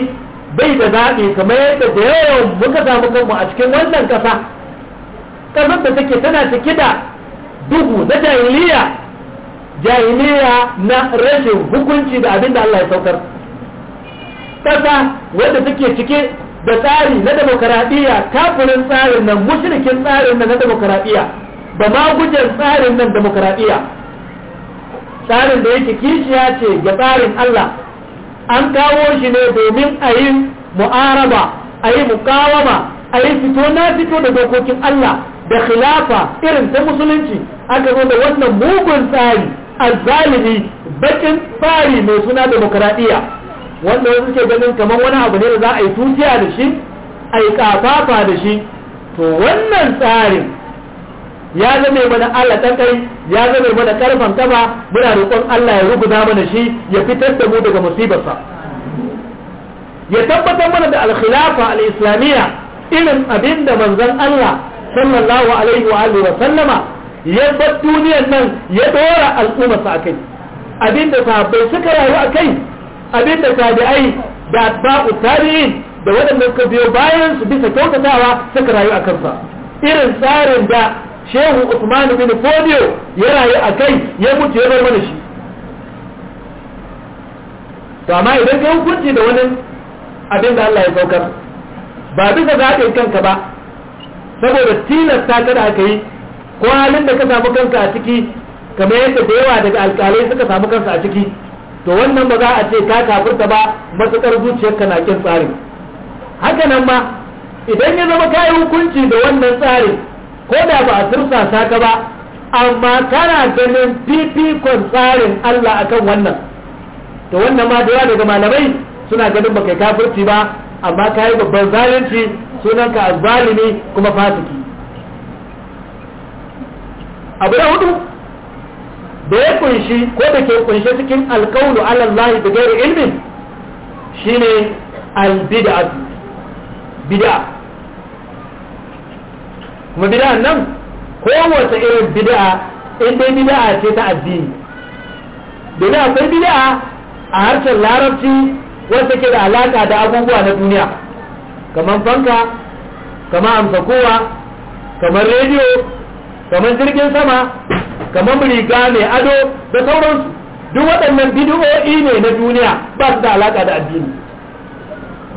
bai da zaɓi kamar yadda da yawan muka samu kanmu a cikin wannan ƙasa ƙasar da take tana cike da duhu na jahiliya jahiliya na rashin hukunci da abin da Allah ya saukar ƙasa wadda take cike da tsari na demokaradiyya kafirin tsarin nan mushrikin tsarin nan na demokaradiyya ba ma gujen tsarin nan demokaradiyya tsarin da yake kishiya ce ga tsarin Allah an kawo shi ne domin a yi mu'araba a yi mukawama a yi fito na fito da dokokin Allah da khilafa irin ta musulunci aka zo da wannan mugun tsari azzalimi bakin tsari mai suna demokradiyya wanda wasu ke ganin kamar wani abu ne da za a yi tutiya da shi a yi kafafa da shi to wannan tsarin ya zame mana Allah ta kai ya zame mana karfan kaba muna roƙon Allah ya rubuta mana shi ya fitar da mu daga musibarsa ya tabbatar mana da alkhilafa al-islamiyya irin abinda manzon Allah sallallahu alaihi wa alihi wa sallama ya bar duniyar nan ya dora al'umma sa kai abinda bai suka rayu akai abinda ai da atba'u tarihin da waɗanda suka biyo bayan su bisa kyautatawa suka rayu a kansa irin tsarin da shehu usman bin fodiyo ya rayu a kai ya mutu ya bar mana shi to amma idan ka hukunci da wani abin da Allah ya saukar ba bisa zaɓin kanka ba saboda tilasta kada aka yi ko halin da ka samu kanka a ciki kamar yadda da yawa daga alƙalai suka samu kansa a ciki to wannan ba za a ce ka kafirta ba matukar zuciyarka na kin tsarin haka nan ma idan ya zama kayi hukunci da wannan tsarin ko da ba a tursasa ka ba amma kana ganin fifikon tsarin Allah akan wannan to wannan ma da yawa daga malamai suna ganin ba kai kafirci ba amma kayi babban zalunci sunanka zalimi kuma fasiki abu da hudu da ya kunshi ko da ke kunshi cikin alkaunu alallahi da gairi ilmin shine albid'a kuma bid'a nan kowace irin bid'a inda dai bid'a ce ta addini domin akwai bid'a a harshen larabci wanda ke da alaka da abubuwa na duniya kamar fanka kamar amsa kowa kamar rediyo kamar jirgin sama kamar riga mai ado da sauransu duk waɗannan bidiyo'i ne na duniya ba su da alaƙa da addini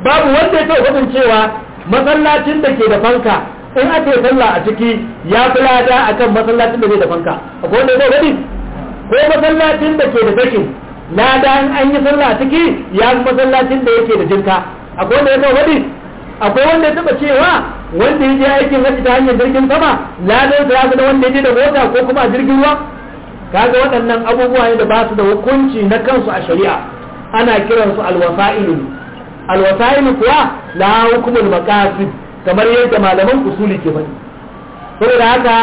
babu wanda ya taɓa cewa masallacin da ke da fanka in ake sallah a ciki ya fi lada a kan masallacin da ke da fanka akwai wanda ya gani ko masallacin da ke da dakin lada an yi sallah a ciki ya fi masallacin da yake da jinka akwai wanda ya gani akwai wanda ya taba cewa wanda ya je aikin wasu ta hanyar jirgin sama ladan sa da wanda ya je da mota ko kuma jirgin ruwa kaga waɗannan abubuwa ne da ba su da hukunci na kansu a shari'a ana kiran kiransu alwasa'ilu alwasa'ilu kuwa la hukumul maqasid kamar yadda malaman usuli ke faɗi saboda haka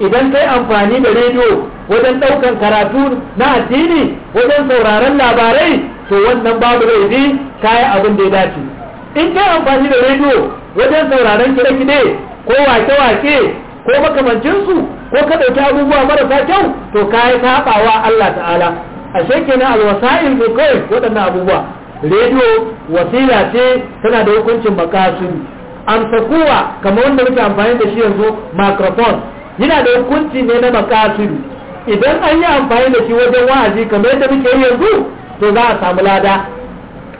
idan kai amfani da rediyo wajen ɗaukan karatu na addini wajen sauraron labarai to wannan babu laifi kayan abin da ya dace in kai amfani da rediyo wajen sauraron kide-kide ko wake-wake ko makamancinsu ko ka ɗauki abubuwa marasa kyau to ka yi taɓawa Allah ta'ala A ashe na alwasa'in ko kai waɗannan abubuwa rediyo wasila ce tana da hukuncin makasuri amsakuwa kamar wanda muke amfani da shi yanzu microphone yana da hukunci ne na makasiri idan an yi amfani da shi wajen wa'azi kamar yadda muke yanzu to za a samu lada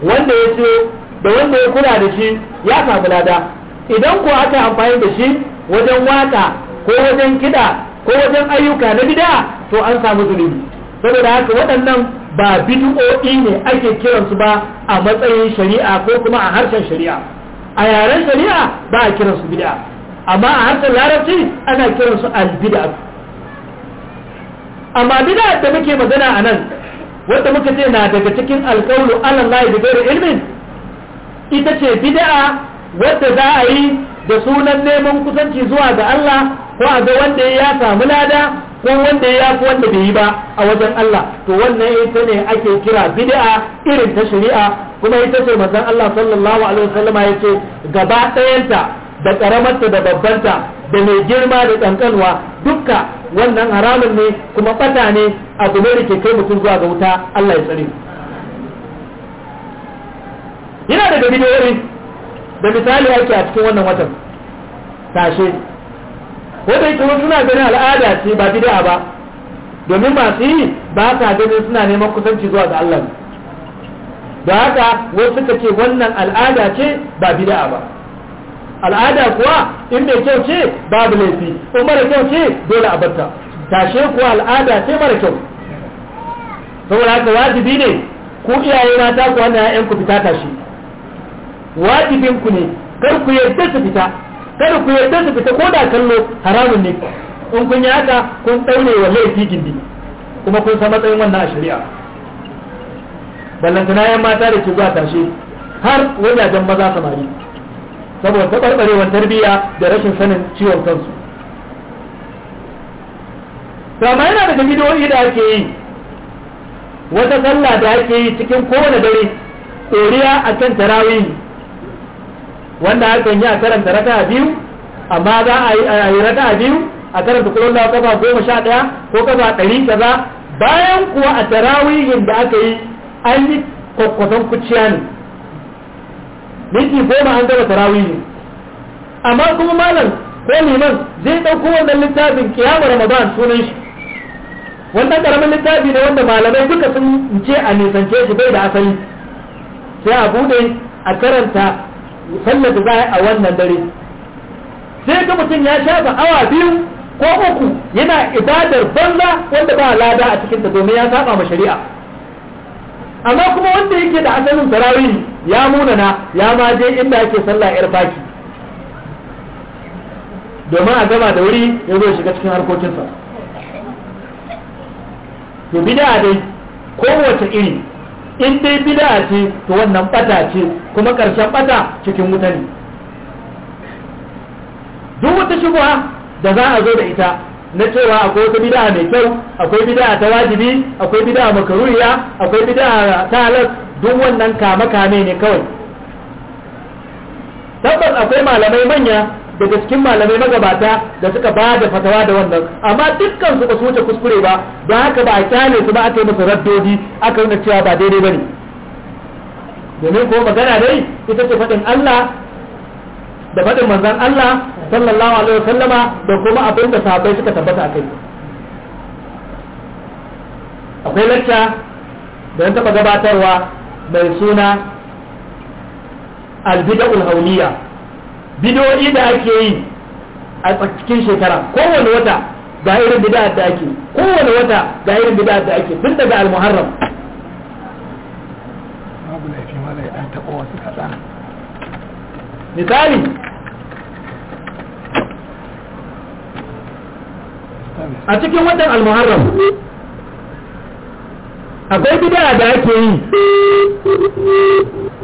wanda ya ce da wanda ya kula da shi ya samu lada idan ko aka amfani da shi wajen waka ko wajen kiɗa ko wajen ayyuka na bid'a to an samu zunubi saboda haka waɗannan ba bid'o'i ne ake kiransu ba a matsayin shari'a ko kuma a harshen shari'a a yaren shari'a ba a kiransu bid'a amma a harshen larabci ana kiransu albid'a amma bid'a da muke magana a nan wanda muka ce na daga cikin alƙawlu alallahi da gairu ilmin ita ce bid'a wanda za a yi da sunan neman kusanci zuwa ga Allah ko a ga wanda ya samu lada ko wanda ya fi wanda bai yi ba a wajen Allah to wannan ita ne ake kira bid'a irin ta shari'a kuma ita ce manzon Allah sallallahu alaihi wasallam ya ce gaba ɗayanta da karamarta da babbanta da mai girma da ƙanƙanwa dukka wannan haramun ne kuma fata ne abu ne da ke kai mutum zuwa ga wuta Allah ya tsare mu yana daga bidiyoyi da misali ake a cikin wannan watan tashe wanda ita wasu suna ganin al'ada ce ba bid'a ba domin masu yi ba sa ganin suna neman kusanci zuwa ga Allah da haka wasu suka ce wannan al'ada ce ba bid'a ba al'ada kuwa in mai kyau ce babu laifi in mara kyau ce dole a batta tashe kuwa al'ada ce mara kyau saboda haka wajibi ne ku iyaye mata ku wannan 'ya'yanku fita tashe wajibin ku ne kar ku yarda su fita kar ku yarda su fita ko da kallo haramun ne in kun yi haka kun daure wa laifi gindi kuma kun san matsayin wannan a shari'a Ballan tunayen mata da ke zuwa tashe har wajajen maza samari saboda taɓarɓarewar tarbiyya da rashin sanin ciwon kansu sama yana daga bidiyoyi da ake yi wata sallah da ake yi cikin kowane dare ƙoriya a kan tarawihi wanda hakan yi a karanta raka biyu amma za a yi raka biyu a karanta kulon da kafa goma sha ɗaya ko kafa ɗari kaza bayan kuwa a tarawihin da aka yi an yi kwakwatan kuciya ne minti goma an gaba tarawihin amma kuma malam ko liman zai ɗauko wannan littafin kiyama ramadan sunan shi wannan karamin littafi ne wanda malamai duka sun ce a nisance shi bai da asali sai a bude a karanta sallar da za a wannan dare sai ga mutum ya shafa awa biyu ko uku yana ibadar banza wanda ba lada a cikinta domin ya saba ma shari'a amma kuma wanda yake da asalin tarawih ya munana ya ma je inda yake sallah yar baki, domin a gama da wuri ya zo shiga cikin harkokinsa to bid'a dai kowace iri in dai bid'a ce to wannan bata ce kuma karshen bata cikin wuta ne duk wata shubha da za a zo da ita na cewa akwai wata bid'a mai kyau akwai bid'a ta wajibi akwai bid'a makaruriya akwai bid'a ta halal duk wannan kame kame ne kawai tabbas akwai malamai manya daga cikin malamai magabata da suka ba da fatawa da wannan amma dukkan su ba su wuce kuskure ba da haka ba a kyale su ba aka yi musu raddodi aka na cewa ba daidai ba ne. domin ko magana dai ita ce faɗin Allah da faɗin manzon Allah sallallahu alaihi wasallama da kuma abin da sahabbai suka tabbata akai akwai lacca da taɓa gabatarwa mai suna albida'ul hauniya bidoyi da ake yi a cikin shekara kowane wata ga irin bid'a da ake kowane wata ga irin bid'a da ake tun daga al-muharram babu laifi mala ya taɓa wasu kaɗan misali a cikin watan al-muharram akwai bid'a da ake yi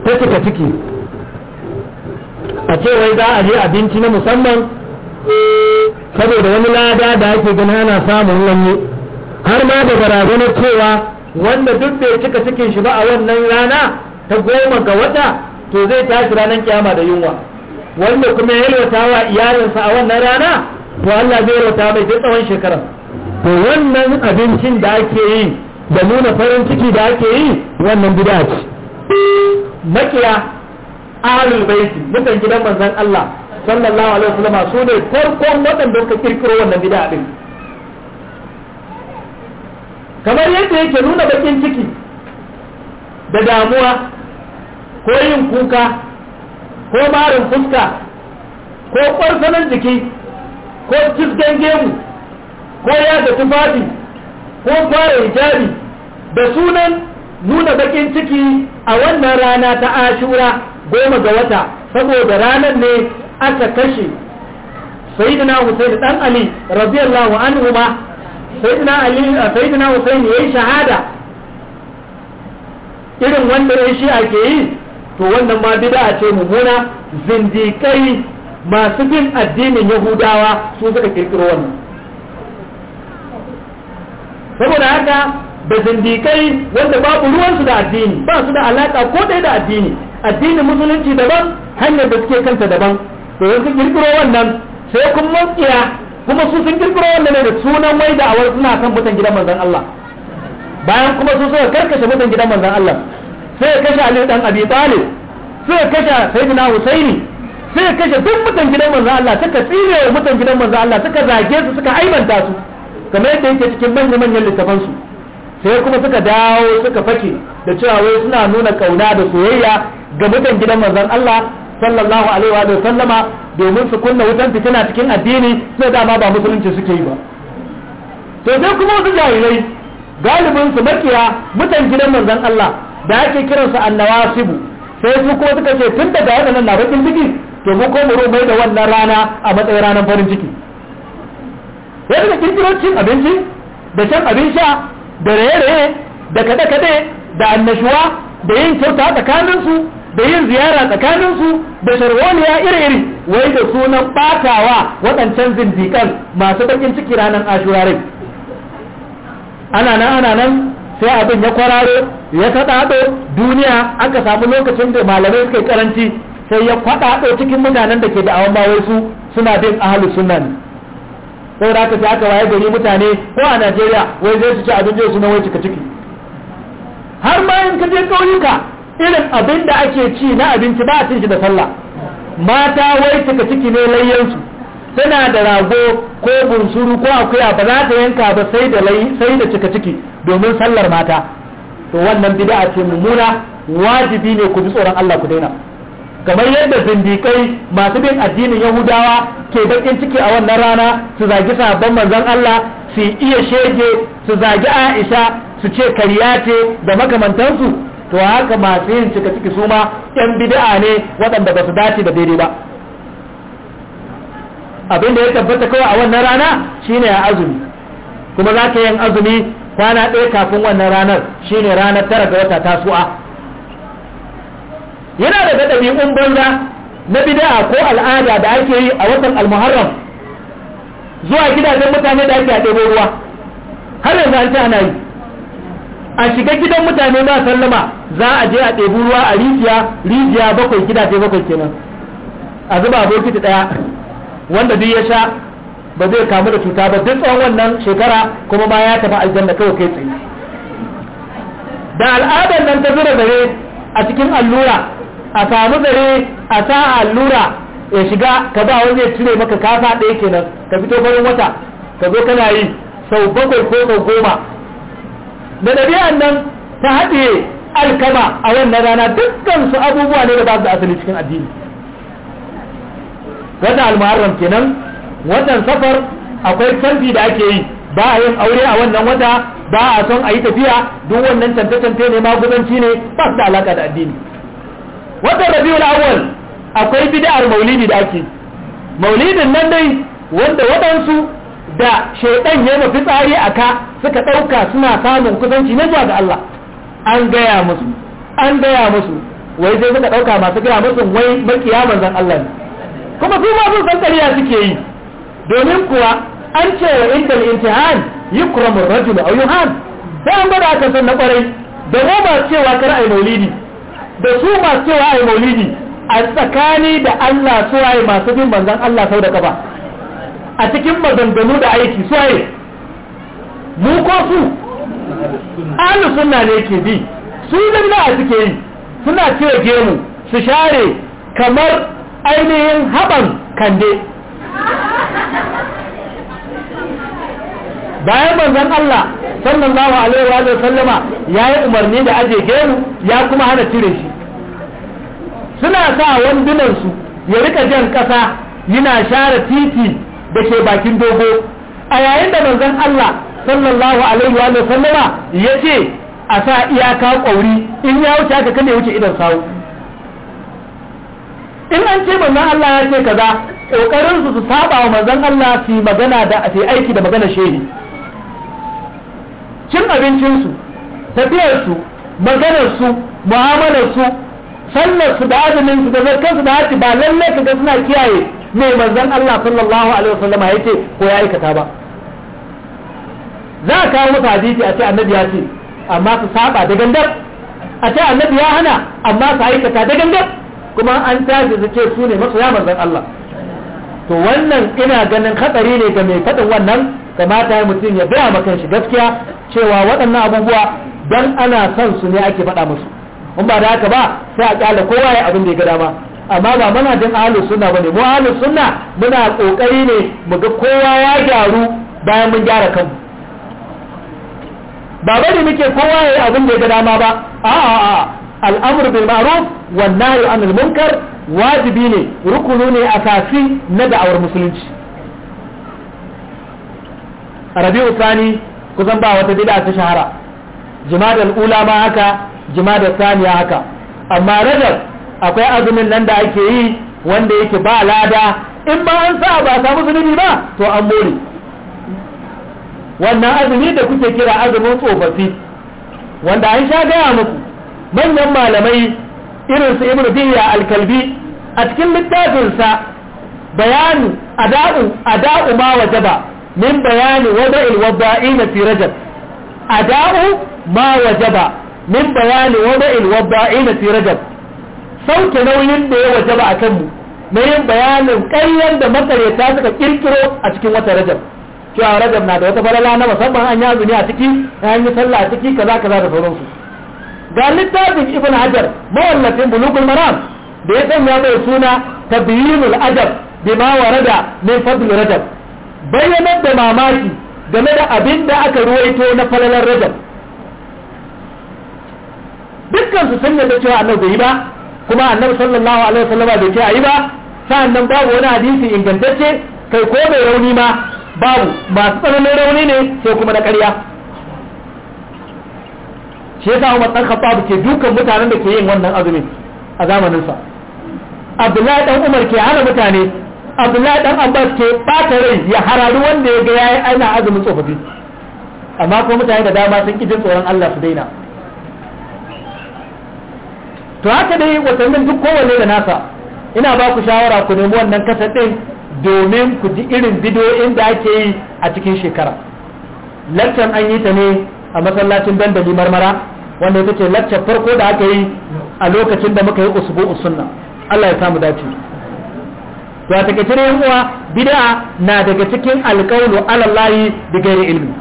ta cika ciki a ce wai za a je abinci na musamman saboda wani lada da ake gani ana samun wani har ma da barazana cewa wanda duk bai cika cikin shi ba a wannan rana ta goma ga wata to zai tashi ranar kiyama da yunwa wanda kuma ya yalwata wa iyalinsa a wannan rana to Allah zai yalwata mai sai tsawon shekara to wannan abincin da ake yi da nuna farin ciki da ake yi wannan bid'a ce makiya ahlul baiti mutan gidan manzon Allah sallallahu alaihi wasallam su ne farkon waɗanda suka kirkiro wannan bid'a din kamar yadda yake nuna bakin ciki da damuwa ko yin kuka ko marin fuska ko ƙwarsanin jiki ko kisgen gemu ko yada tufafi ko fara hijabi da sunan nuna bakin ciki a wannan rana ta ashura goma ga wata saboda ranar ne aka kashe sayyidina Hussein dan Ali radiyallahu anhu ma sayyidina Ali sayyidina Hussein yayi shahada irin wanda ya shi ake yi to wannan ma bid'a ce gona zindikai masu bin addinin Yahudawa su suka kirkiro wannan saboda haka da zindikai wanda babu ruwansu da addini ba su da alaka ko ɗaya da addini addinin musulunci daban hanyar da suke kanta daban to yanzu girgiro wannan sai kun mutsiya kuma su sun girgiro wannan ne da sunan wai da awar suna kan mutan gidan manzon Allah bayan kuma su suka karkashe mutan gidan manzon Allah sai kashe Ali dan Abi Talib sai kashe Sayyidina Husaini sai kashe duk mutan gidan manzon Allah suka tsire wa mutan gidan manzon Allah suka zage su suka aibanta su kamar yadda yake cikin manyan manyan littafansu. su sai kuma suka dawo suka fake da cewa wai suna nuna kauna da soyayya ga mutan gidan manzon Allah sallallahu alaihi wa sallama domin su kunna wutan fitina cikin addini sai dama ba musulunci suke yi ba to sai kuma wasu jahilai galibin su makiya mutan gidan manzon Allah da ake kiransu annawasibu sai su kuma suka ce tun daga waɗannan na bakin ciki to mu ko mu mai da wannan rana a matsayin ranar farin ciki Sai da kirkiro cin abinci da shan abin sha da raye-raye da kaɗe-kaɗe da annashuwa da yin kyauta tsakaninsu da yin ziyara tsakaninsu da sharwaniya iri-iri wai da sunan batawa waɗancan zindikan masu bakin ciki ranar ashurarai ana nan ana nan sai abin ya kwararo ya kaɗaɗo duniya aka samu lokacin da malamai suka yi karanci sai ya kwaɗaɗo cikin mutanen da ke da awon bawai su suna bin ahalus sunan da ka ce aka waye gari mutane ko a Najeriya wai zai su ci abinci su na wai cika ciki har ma in ka je ƙauyuka irin abin da ake ci na abinci ba a cin shi da sallah mata wai cika ciki ne layyansu suna da rago ko bunsuru ko akuya ba za ta yanka ba sai da sai da cika ciki domin sallar mata to wannan bid'a ce mummuna wajibi ne ku ji tsoron Allah ku daina kamar yadda zindikai masu bin addinin yahudawa ke bakin ciki a wannan rana su zagi sabon manzon Allah su iya shege su zagi Aisha su ce kariya ce da makamantansu to haka masu yin cika ciki su ma yan bid'a ne waɗanda ba su dace da daidai ba abin da ya tabbata kawai a wannan rana shine a azumi kuma za ka yin azumi kwana ɗaya kafin wannan ranar shine ranar tara ga wata tasu'a yana daga ɗabi'un banza na bid'a ko al'ada da ake yi a watan al al-muharram zuwa gidajen mutane da ake ɗebo ruwa har yanzu an ta ana yi a shiga gidan mutane ba sallama za a je a ɗebi ruwa a rijiya rijiya bakwai gidaje bakwai kenan a zuba bokiti ɗaya wanda duk ya sha ba zai kamu da cuta ba duk tsawon wannan shekara kuma ba ya tafi aljanna kawai kai tsaye da al'adar nan ta zura gare a cikin allura a samu zare a sa allura ya shiga ka ba wani ya cire maka kasa ɗaya kenan ka fito farin wata ka zo kana yi sau bakwai ko sau goma da ɗabi'an nan ta haɗiye alkama a wannan rana dukkan su abubuwa ne da ba su da asali cikin addini wata almuharram kenan wannan safar akwai canfi da ake yi ba a yin aure a wannan wata ba a son a yi tafiya duk wannan cante-cante ne magudanci ne ba su da alaka da addini watan rabiul awwal akwai bid'ar maulidi da ake maulidin nan dai wanda waɗansu da shaidan ya mafi tsari a ka suka ɗauka suna samun kusanci na zuwa ga Allah an gaya musu an gaya musu wai sai suka ɗauka masu gaya musu wai makiya manzan Allah ne kuma su ma sun san suke yi domin kuwa an ce wa indal intihan yukramu rajulu aw yuhan sai an gwada aka san na kwarai da roba cewa kar a yi maulidi da su masu cewa maulidi a tsakani da Allah su ai masu bin manzan Allah sau da kafa a cikin maganganu da aiki su ai mu ko su ahlus sunna ne ke bi su na a suke yi suna cewa gemu su share kamar ainihin haban kande bayan manzon Allah sallallahu alaihi wa sallama ya yi umarni da aje gemu ya kuma hana cire shi suna sa wandunan su ya rika jan kasa yana share titi da ke bakin dogo a yayin da manzon Allah sallallahu alaihi wa sallama ya ce a sa iyaka kwauri in ya wuce aka kada ya wuce idan sawu in an ce manzon Allah ya ce kaza kokarin su su saba wa manzon Allah su magana da su aiki da magana shehi cin abincinsu tafiyarsu maganarsu mu'amalarsu sallarsu da azuminsu da zarkansu da haji ba lallai kaga suna kiyaye mai manzon Allah sallallahu alaihi wasallama ya ce ko ya aikata ba za a kawo musu hadisi a ce annabi ya ce amma su saba da gandar a ce annabi ya hana amma su aikata da gandar kuma an tashi su ce su ne masoya manzon Allah to wannan ina ganin hatsari ne ga mai faɗin wannan kamata ya mutum ya gaya makan shi gaskiya cewa waɗannan abubuwa don ana son su ne ake faɗa musu in ba da haka ba sai a ƙyale kowa ya abin da ya ga dama amma ba muna jin suna sunna bane mu ahlus sunna muna kokari ne mu ga kowa ya gyaru bayan mun gyara kanmu ba bane muke kowa ya abin da ya ga dama ba a'a al'amur al'amr bil ma'ruf wan nahy anil munkar wajibi ne rukunu ne a asasi na da'awar musulunci rabi tsani kusan ba wata bid'a ta shahara jimadar ula ma haka da saniya haka amma rajab akwai azumin nan da ake yi wanda yake ba lada in ba an sa ba samu zunubi ba to an more wannan azumi da kuke kira azumin tsofaffi wanda an sha gaya muku manyan malamai irin su ibnu biya alkalbi a cikin littafinsa bayanu a da'u ma wajaba min bayani wada ilwadda'ina fi rajab ada'u ma wajaba min bayani wada ilwadda'ina fi rajab sauke nauyin da ya wajaba a kanmu na yin bayanin ƙaryar da makaryata suka ƙirƙiro a cikin wata rajab cewa rajab na da wata falala na musamman an yi azumi a ciki an yi sallah a ciki kaza kaza da sauransu ga littafin ibn hajar mawallafin bulugul maram da ya sanya mai suna tabyinul adab bima warada min fadl rajab bayyanar da mamaki game da abin da aka ruwaito na falalar rajab dukkan su sun yadda cewa annabi bai yi ba kuma annabi sallallahu alaihi wasallama bai ce a yi ba nan babu wani hadisi ingantacce kai ko mai rauni ma babu masu tsananin rauni ne sai kuma na ƙarya shi yasa Umar dan Khattab ke dukan mutanen da ke yin wannan azumin a zamaninsa. sa Abdullahi dan Umar ke hana mutane abdullahi dan abbas ke bata rai ya harari wanda ya ga yayi ana azumin tsofaffi amma ko mutane da dama sun kijin tsoron Allah su daina to haka dai watannin duk kowanne da nasa ina ba ku shawara ku nemi wannan kasar din domin ku ji irin bidiyoyin da ake yi a cikin shekara laccan an yi ta ne a masallacin dandali marmara wanda ita ce laccar farko da aka yi a lokacin da muka yi usbu usunna Allah ya samu dace to a take cire uwa bid'a na daga cikin alƙawlu alallahi bi gairi ilmi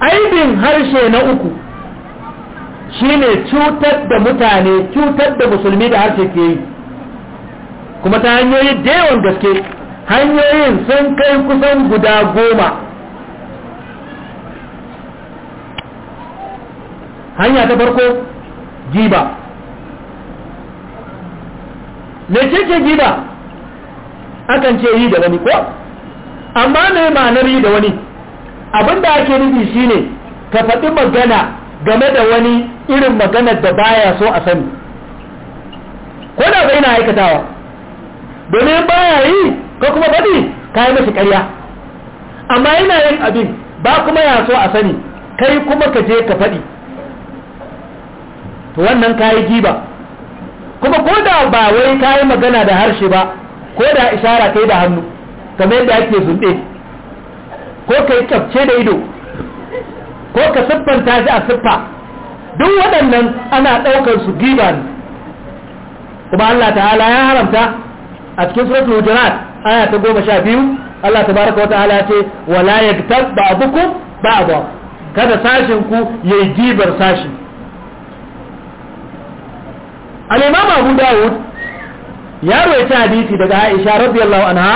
aibin harshe na uku shine cutar da mutane cutar da musulmi da harshe ke yi kuma ta hanyoyi da yawan gaske hanyoyin sun kai kusan guda goma hanya ta farko jiba Me ce giba akan ce yi da wani ko amma me ma'anar yi da wani abin da ake nufi shine ka faɗi magana game da wani irin maganar da baya so a sani ko da bai na aikatawa domin baya yi ko kuma faɗi ka yi mashi ƙarya amma yana yin abin ba kuma ya so a sani kai kuma ka je ka faɗi to wannan ka yi giba kuma ko da ba wai ka yi magana da harshe ba ko da ishara kai da hannu kamar yadda ake zunɗe ko ka yi kyafce da ido ko ka siffanta shi a siffa duk waɗannan ana ɗaukar su giba ne kuma Allah ta'ala ya haramta a cikin suratul hujurat aya ta goma sha biyu Allah tabaraka wata'ala ya ce wala yaktab ba'dukum ba'dha kada sashin ku yayi gibar sashi al-imam abu dawud ya rawaita hadisi daga aisha radiyallahu anha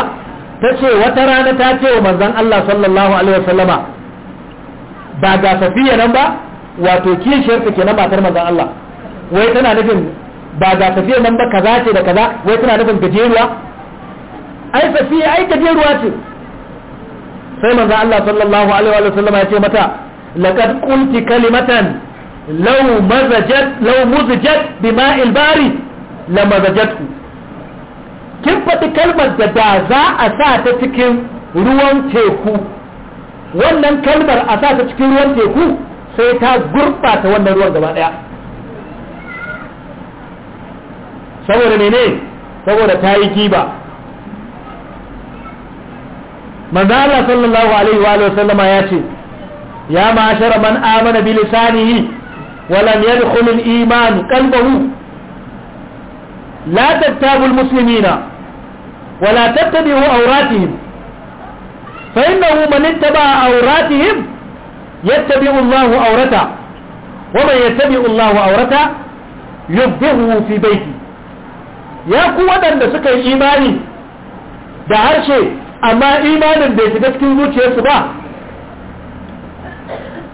ta ce wata rana ta ce wa manzon Allah sallallahu alaihi wasallama ba ga safiya nan ba wato kishiyar ta nan matar manzon Allah wai tana nufin ba ga safiya nan ba kaza ce da kaza wai tana nufin gajeruwa ai safiya ai gajeruwa ce sai manzon Allah sallallahu alaihi wasallama ya ce mata laqad qulti kalimatan lau مزجت lau مزجت bima'il الباري la mazajatu kin faɗi kalmar da da za a sa ta cikin ruwan teku wannan kalmar a sa ta cikin ruwan teku sai ta gurɓata wannan ruwan gaba daya saboda mene saboda ta yi kiba manzala sallallahu alaihi wa sallama ya ce ya ma'ashara man amana bi lisanihi ولم يدخل الإيمان قلبه لا تتابوا المسلمين ولا تتبعوا أوراتهم فإنه من اتبع أوراتهم يتبع الله أورته ومن يتبع الله أورته يبدعه في بيته يا قوة أن تسكى الإيمان imani da harshe amma imanin bai shiga cikin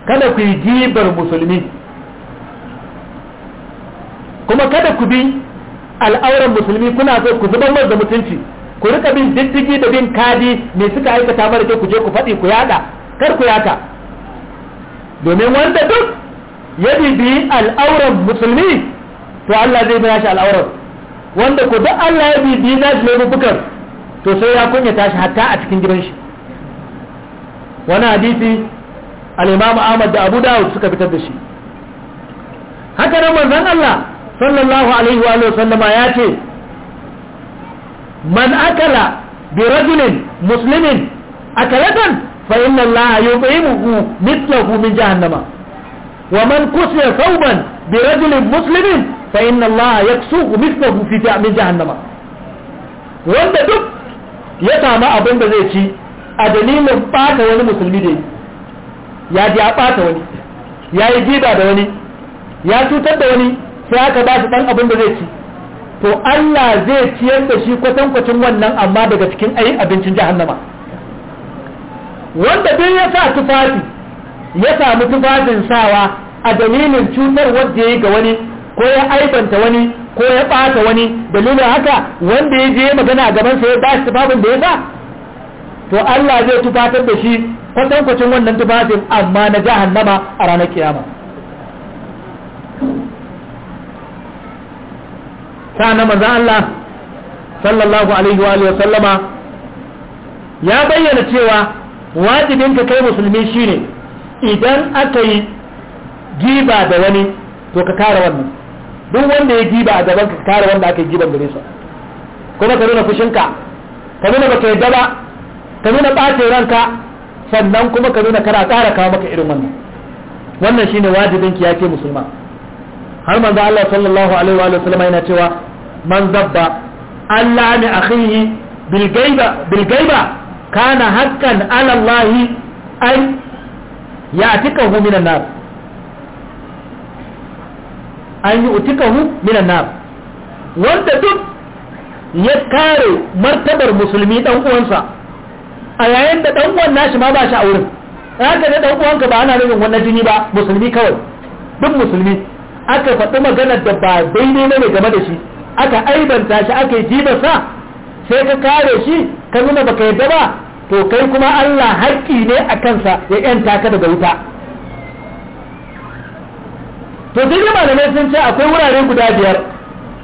كان في جيب المسلمين kuma kada ku bi al'auran musulmi kuna so ku zubar da mutunci ku rika bin diddigi da bin kadi me suka aikata mara ke ku je ku faɗi ku yaɗa, kar ku yata. domin wanda duk ya bibi al'auran musulmi to Allah zai bayashi shi al'auran wanda ku duk Allah ya bibi na shi bukar to sai ya kunya tashi hatta a cikin gidan shi wani hadisi al-Imam Ahmad da Abu Dawud suka fitar da shi haka nan manzon Allah sallallahu alaihi wa sallama ya ce man akala bi rajulin muslimin akalatan fa inna allaha yut'imuhu mithlahu min jahannama wa man kusiya thawban bi rajulin muslimin fa inna allaha yaksuhu mithlahu fi min jahannama wanda duk ya samu abin da zai ci a dalilin bata wani musulmi da ya ji a bata wani ya yi gida da wani ya cutar da wani sai aka ba shi dan abin da zai ci to Allah zai ciyar da shi kwatankwacin wannan amma daga cikin ayi abincin jahannama wanda duk ya sa tufafi ya samu tufafin sawa a dalilin cutar wanda ya yi ga wani ko ya aibanta wani ko ya ɓata wani dalilin haka wanda ya je magana a gabansa ya ba shi tufafin da ya sa to Allah zai tufatar da shi kwatankwacin wannan tufafin amma na jahannama a ranar kiyama sa'annan manzon Allah sallallahu alaihi wa sallama ya bayyana cewa wajibin ka kai musulmi shine idan aka yi giba da wani to ka kare wannan duk wanda ya giba a gaban ka kare wanda aka yi giba gare sa kuma ka nuna fushinka ka nuna baka yadda ba ka nuna ɓace ranka sannan kuma ka nuna kana kara kawo maka irin wannan wannan shine wajibin ki ya ke musulma har manzo Allah sallallahu alaihi wa sallam yana cewa man zabba Allah ne akhihi bil gaiba bil gaiba kana haqqan ala Allah an ya'tikahu minan nar an yu'tikahu minan nar wanda duk ya kare martabar musulmi dan uwansa a yayin da dan uwan nashi ma ba shi a wurin haka ne dan uwanka ba ana nufin wannan jini ba musulmi kawai duk musulmi aka faɗi maganar da ba daidai ne game da shi aka aibanta shi aka yi jibasa sai ka kare shi ka nuna baka yadda ba to kai kuma Allah haƙƙi ne a kansa ya yanta ka daga wuta to duk da malamai sun ce akwai wurare guda biyar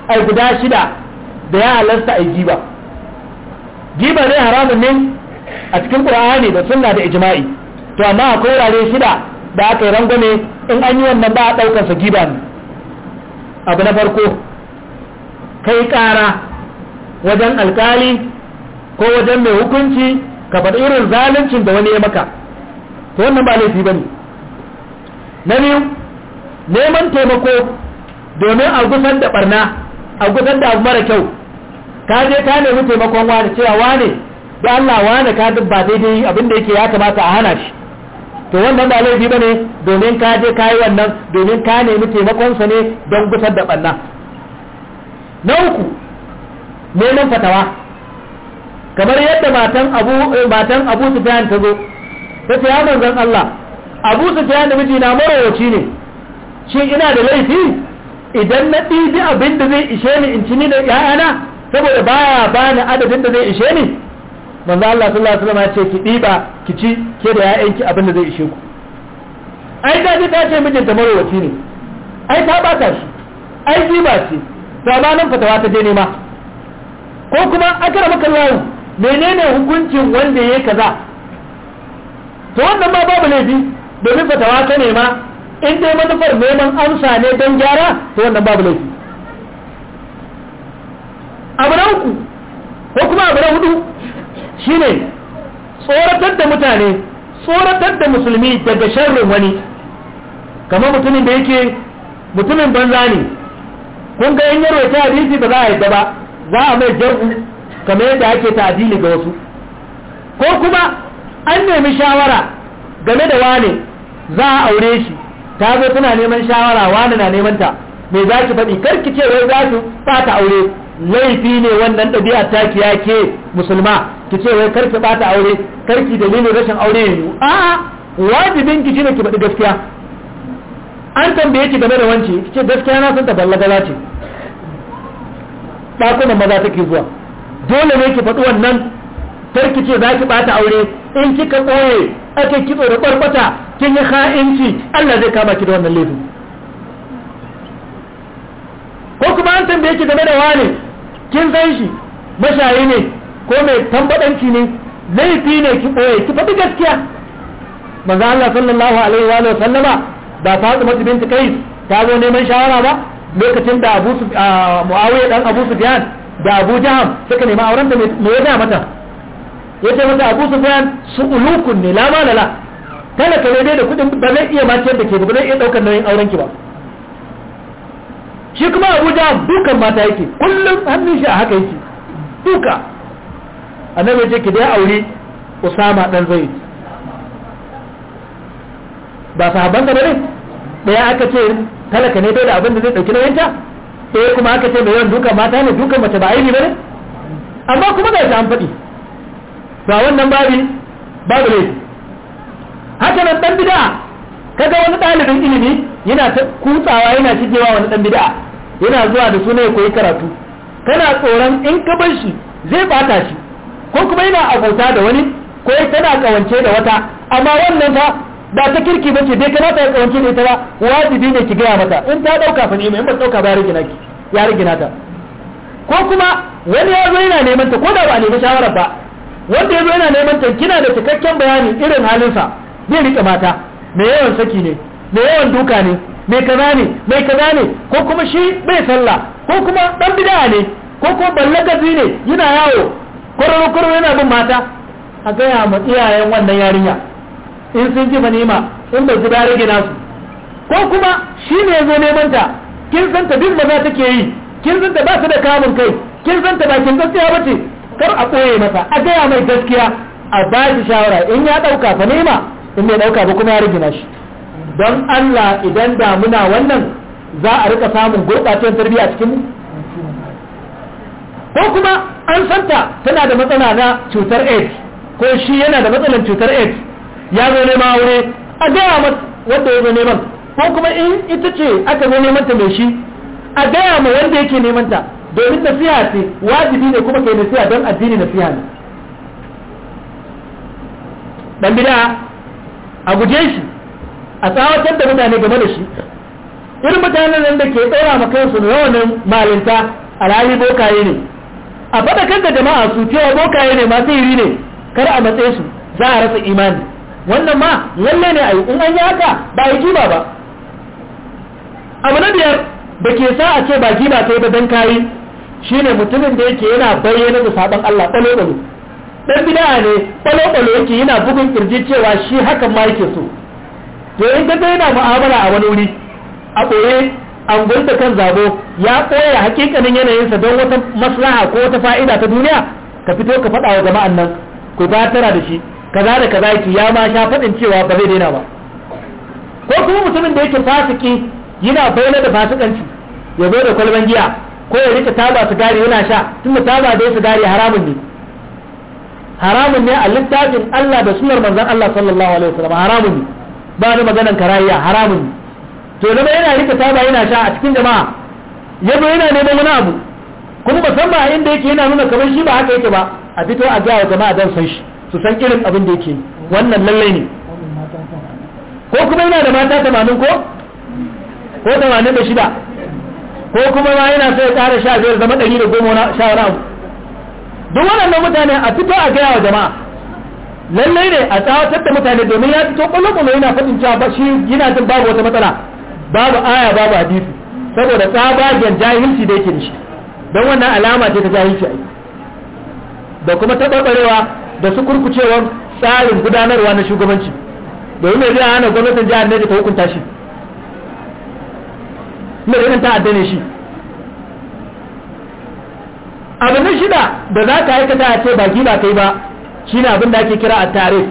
ai guda shida da ya halasta a jiba. giba ne haramun ne a cikin ƙur'ani da sunna da ijma'i to amma akwai wurare shida da aka yi rangwame in an yi wannan ba a ɗaukarsa giba ne abu na farko kai ƙara wajen alkali ko wajen mai hukunci ka faɗi irin zaluncin da wani ya maka to wannan ba laifi ba ne na biyu neman taimako domin a gusar da barna a gusar da abu mara kyau ka je ka nemi taimakon wani cewa wane da Allah wane ka ba daidai abin da yake ya kamata a hana shi to wannan ba laifi bane domin ka je ka yi wannan domin ka nemi taimakonsa ne don gusar da ɓarna. na uku neman fatawa kamar yadda matan abu matan abu sufyan ta zo ta ce ya manzon Allah abu sufyan da miji na marawaci ne Shin ina da laifi idan na ɗibi abin da zai ishe ni in ci ni da 'ya'yana saboda baya bani adadin da zai ishe ni manzon Allah sallallahu alaihi wasallam ya ce ki diba ki ci ke da 'ya'yanki abin da zai ishe ku ai da ta ce mijinta marawaci ne ai ta bata shi ai giba ce to amma nan fatawa ta je nema ko kuma akara maka lawo menene hukuncin wanda ya kaza to wannan ma babu laifi domin fatawa ta nema in dai manufar neman amsa ne don gyara to wannan babu laifi abu na uku ko kuma abu na hudu shine tsoratar da mutane tsoratar da musulmi daga sharrin wani kamar mutumin da yake mutumin banza ne kun ga in yaro ta hadisi ba za a yadda ba za a mai jar'u kamar yadda ake ta'adili ga wasu ko kuma an nemi shawara game da wane za a aure shi ta zo tana neman shawara wane na neman ta me za ki faɗi ki ce wai za ki bata aure laifi ne wannan ɗabi'a ta ki ya ke musulma ki ce wai karki bata aure karki dalilin rashin aure yanzu a'a wajibin ki shine ki faɗi gaskiya an tambaye ki game da wance ce gaskiya na san ta ballagala ce kuma maza take zuwa dole ne ki faɗi wannan tarki ce za ki ɓata aure in kika ɓoye ake kitso da ɓarɓata kin yi ha'inci Allah zai kama ki da wannan laifin ko kuma an tambaye ki game da wane kin san shi mashayi ne ko mai tambadanci ne laifi ne ki ɓoye ki faɗi gaskiya manzo Allah sallallahu alaihi wa sallama ba fa Fatima Binta Qais ta zo neman shawara ba lokacin da Abu Muawiya dan Abu Sufyan da Abu Jaham suka nemi auren da me ya ga mata yace mata Abu Sufyan su ulukun ne la lala. kana kare dai da kudin ba zai iya mace da ke ba zai iya daukar nauyin auren ki ba shi kuma Abu Jaham dukan mata yake kullum hannun shi a haka yake duka annabi ce ki dai aure Usama dan Zaid ba sahabban da bane daya aka ce talaka ne bai da abin da zai dauki nauyinta daya kuma aka ce mai yawan dukan mata ne dukan mace ba aibi bane amma kuma ga an faɗi ba wannan babi babu ne. haka nan dan bid'a kaga wani ɗalibin ilimi yana kutsawa yana shigewa wani dan bid'a yana zuwa da suna ya koyi karatu kana tsoron in ka bar shi zai bata shi ko kuma yana abota da wani ko tana kawance da wata amma wannan fa ba ta kirki bace bai kamata ya kawance da ita ba wajibi ne ki gaya mata in ta dauka fa ne in ba dauka ba ya rage ya ko kuma wani ya zo yana neman ta ko da ba a nemi shawara ba wanda ya zo yana neman ta kina da cikakken bayani irin halinsa zai rike mata me yawan saki ne me yawan duka ne me kaza ne mai kaza ne ko kuma shi bai sallah ko kuma dan bid'a ne ko kuma ballagazi ne yana yawo kwararo kwararo yana bin mata a gaya ma iyayen wannan yarinya in sun ji manima in ba su ba gina nasu ko kuma shi ne zo neman ta kin san ta duk maza ke yi kin san ta ba su da kamun kai kin san ta ba kin gaskiya ba ce kar a koye mata a gaya mai gaskiya a ba shi shawara in ya dauka fa nema in bai dauka ba kuma ya rigina shi don Allah idan damuna wannan za a rika samun gurɓacewar tarbiyya a cikin ko kuma an santa tana da matsala na cutar AIDS ko shi yana da matsalar cutar AIDS ya zo neman aure a gaya ma wanda ya zo neman ko kuma in ita ce aka zo neman ta mai shi a gaya ma wanda yake neman ta domin nasiha ce wajibi ne kuma kai nasiha don addini nasiha ne dan bid'a a guje shi a tsawatar da mutane game da shi irin mutanen nan da ke tsaya ma kansu rawanin malinta rayu bokaye ne a faɗa kan da jama'a su cewa bokaye ne masu iri ne kar a matse su za a rasa imani wannan ma lalle ne ayi in an yi haka ba yi giba ba abu na biyar da ke sa a ce ba jima ta yi ba don kayi ne mutumin da yake yana bayyana da sabon Allah ɓalo-ɓalo dan bid'a ne ɓalo-ɓalo yake yana bugun kirji cewa shi hakan ma yake so to in kaga yana mu'amala a wani wuri a ɓoye an gurta kan zabo ya ɓoye hakikanin yanayinsa don wata maslaha ko wata fa'ida ta duniya ka fito ka faɗa wa jama'an nan ku ba da shi kaza da kaza yake ya ma sha faɗin cewa ba zai daina ba ko kuma mutumin da yake fasiki yana bayyana da fasikanci ya zo da kwalban giya ko ya rika taba sigari yana sha tunda taba da sigari haramun ne haramun ne a littafin Allah da sunar manzon Allah sallallahu alaihi wasallam haramun ne ba ni maganan karayya haramun ne to da yana rika taba yana sha a cikin jama'a ya zo yana neman wani abu kuma musamman inda yake yana nuna kamar shi ba haka yake ba a fito a ga jama'a dan san shi su san irin abin da yake yi wannan lallai ne ko kuma yana da mata tamanin ko ko tamanin da shida ko kuma ma yana sai ƙara sha biyar zama ɗari da goma sha wani abu duk waɗannan mutane a fito a gaya wa jama'a lallai ne a tsawatar da mutane domin ya fito ƙwallon ƙwallon yana faɗin cewa ba shi yana jin babu wata matsala babu aya babu hadisi saboda tsabagen jahilci da yake da shi don wannan alama ce ta jahilci da kuma taɓarɓarewa da su kurkucewar tsarin gudanarwa na shugabanci domin mai zai hana gwamnatin jihar ne ta hukunta shi mai zai ta addane shi abu na shida da za ka aikata a ce ba ba kai ba shi ne abin da ake kira a tare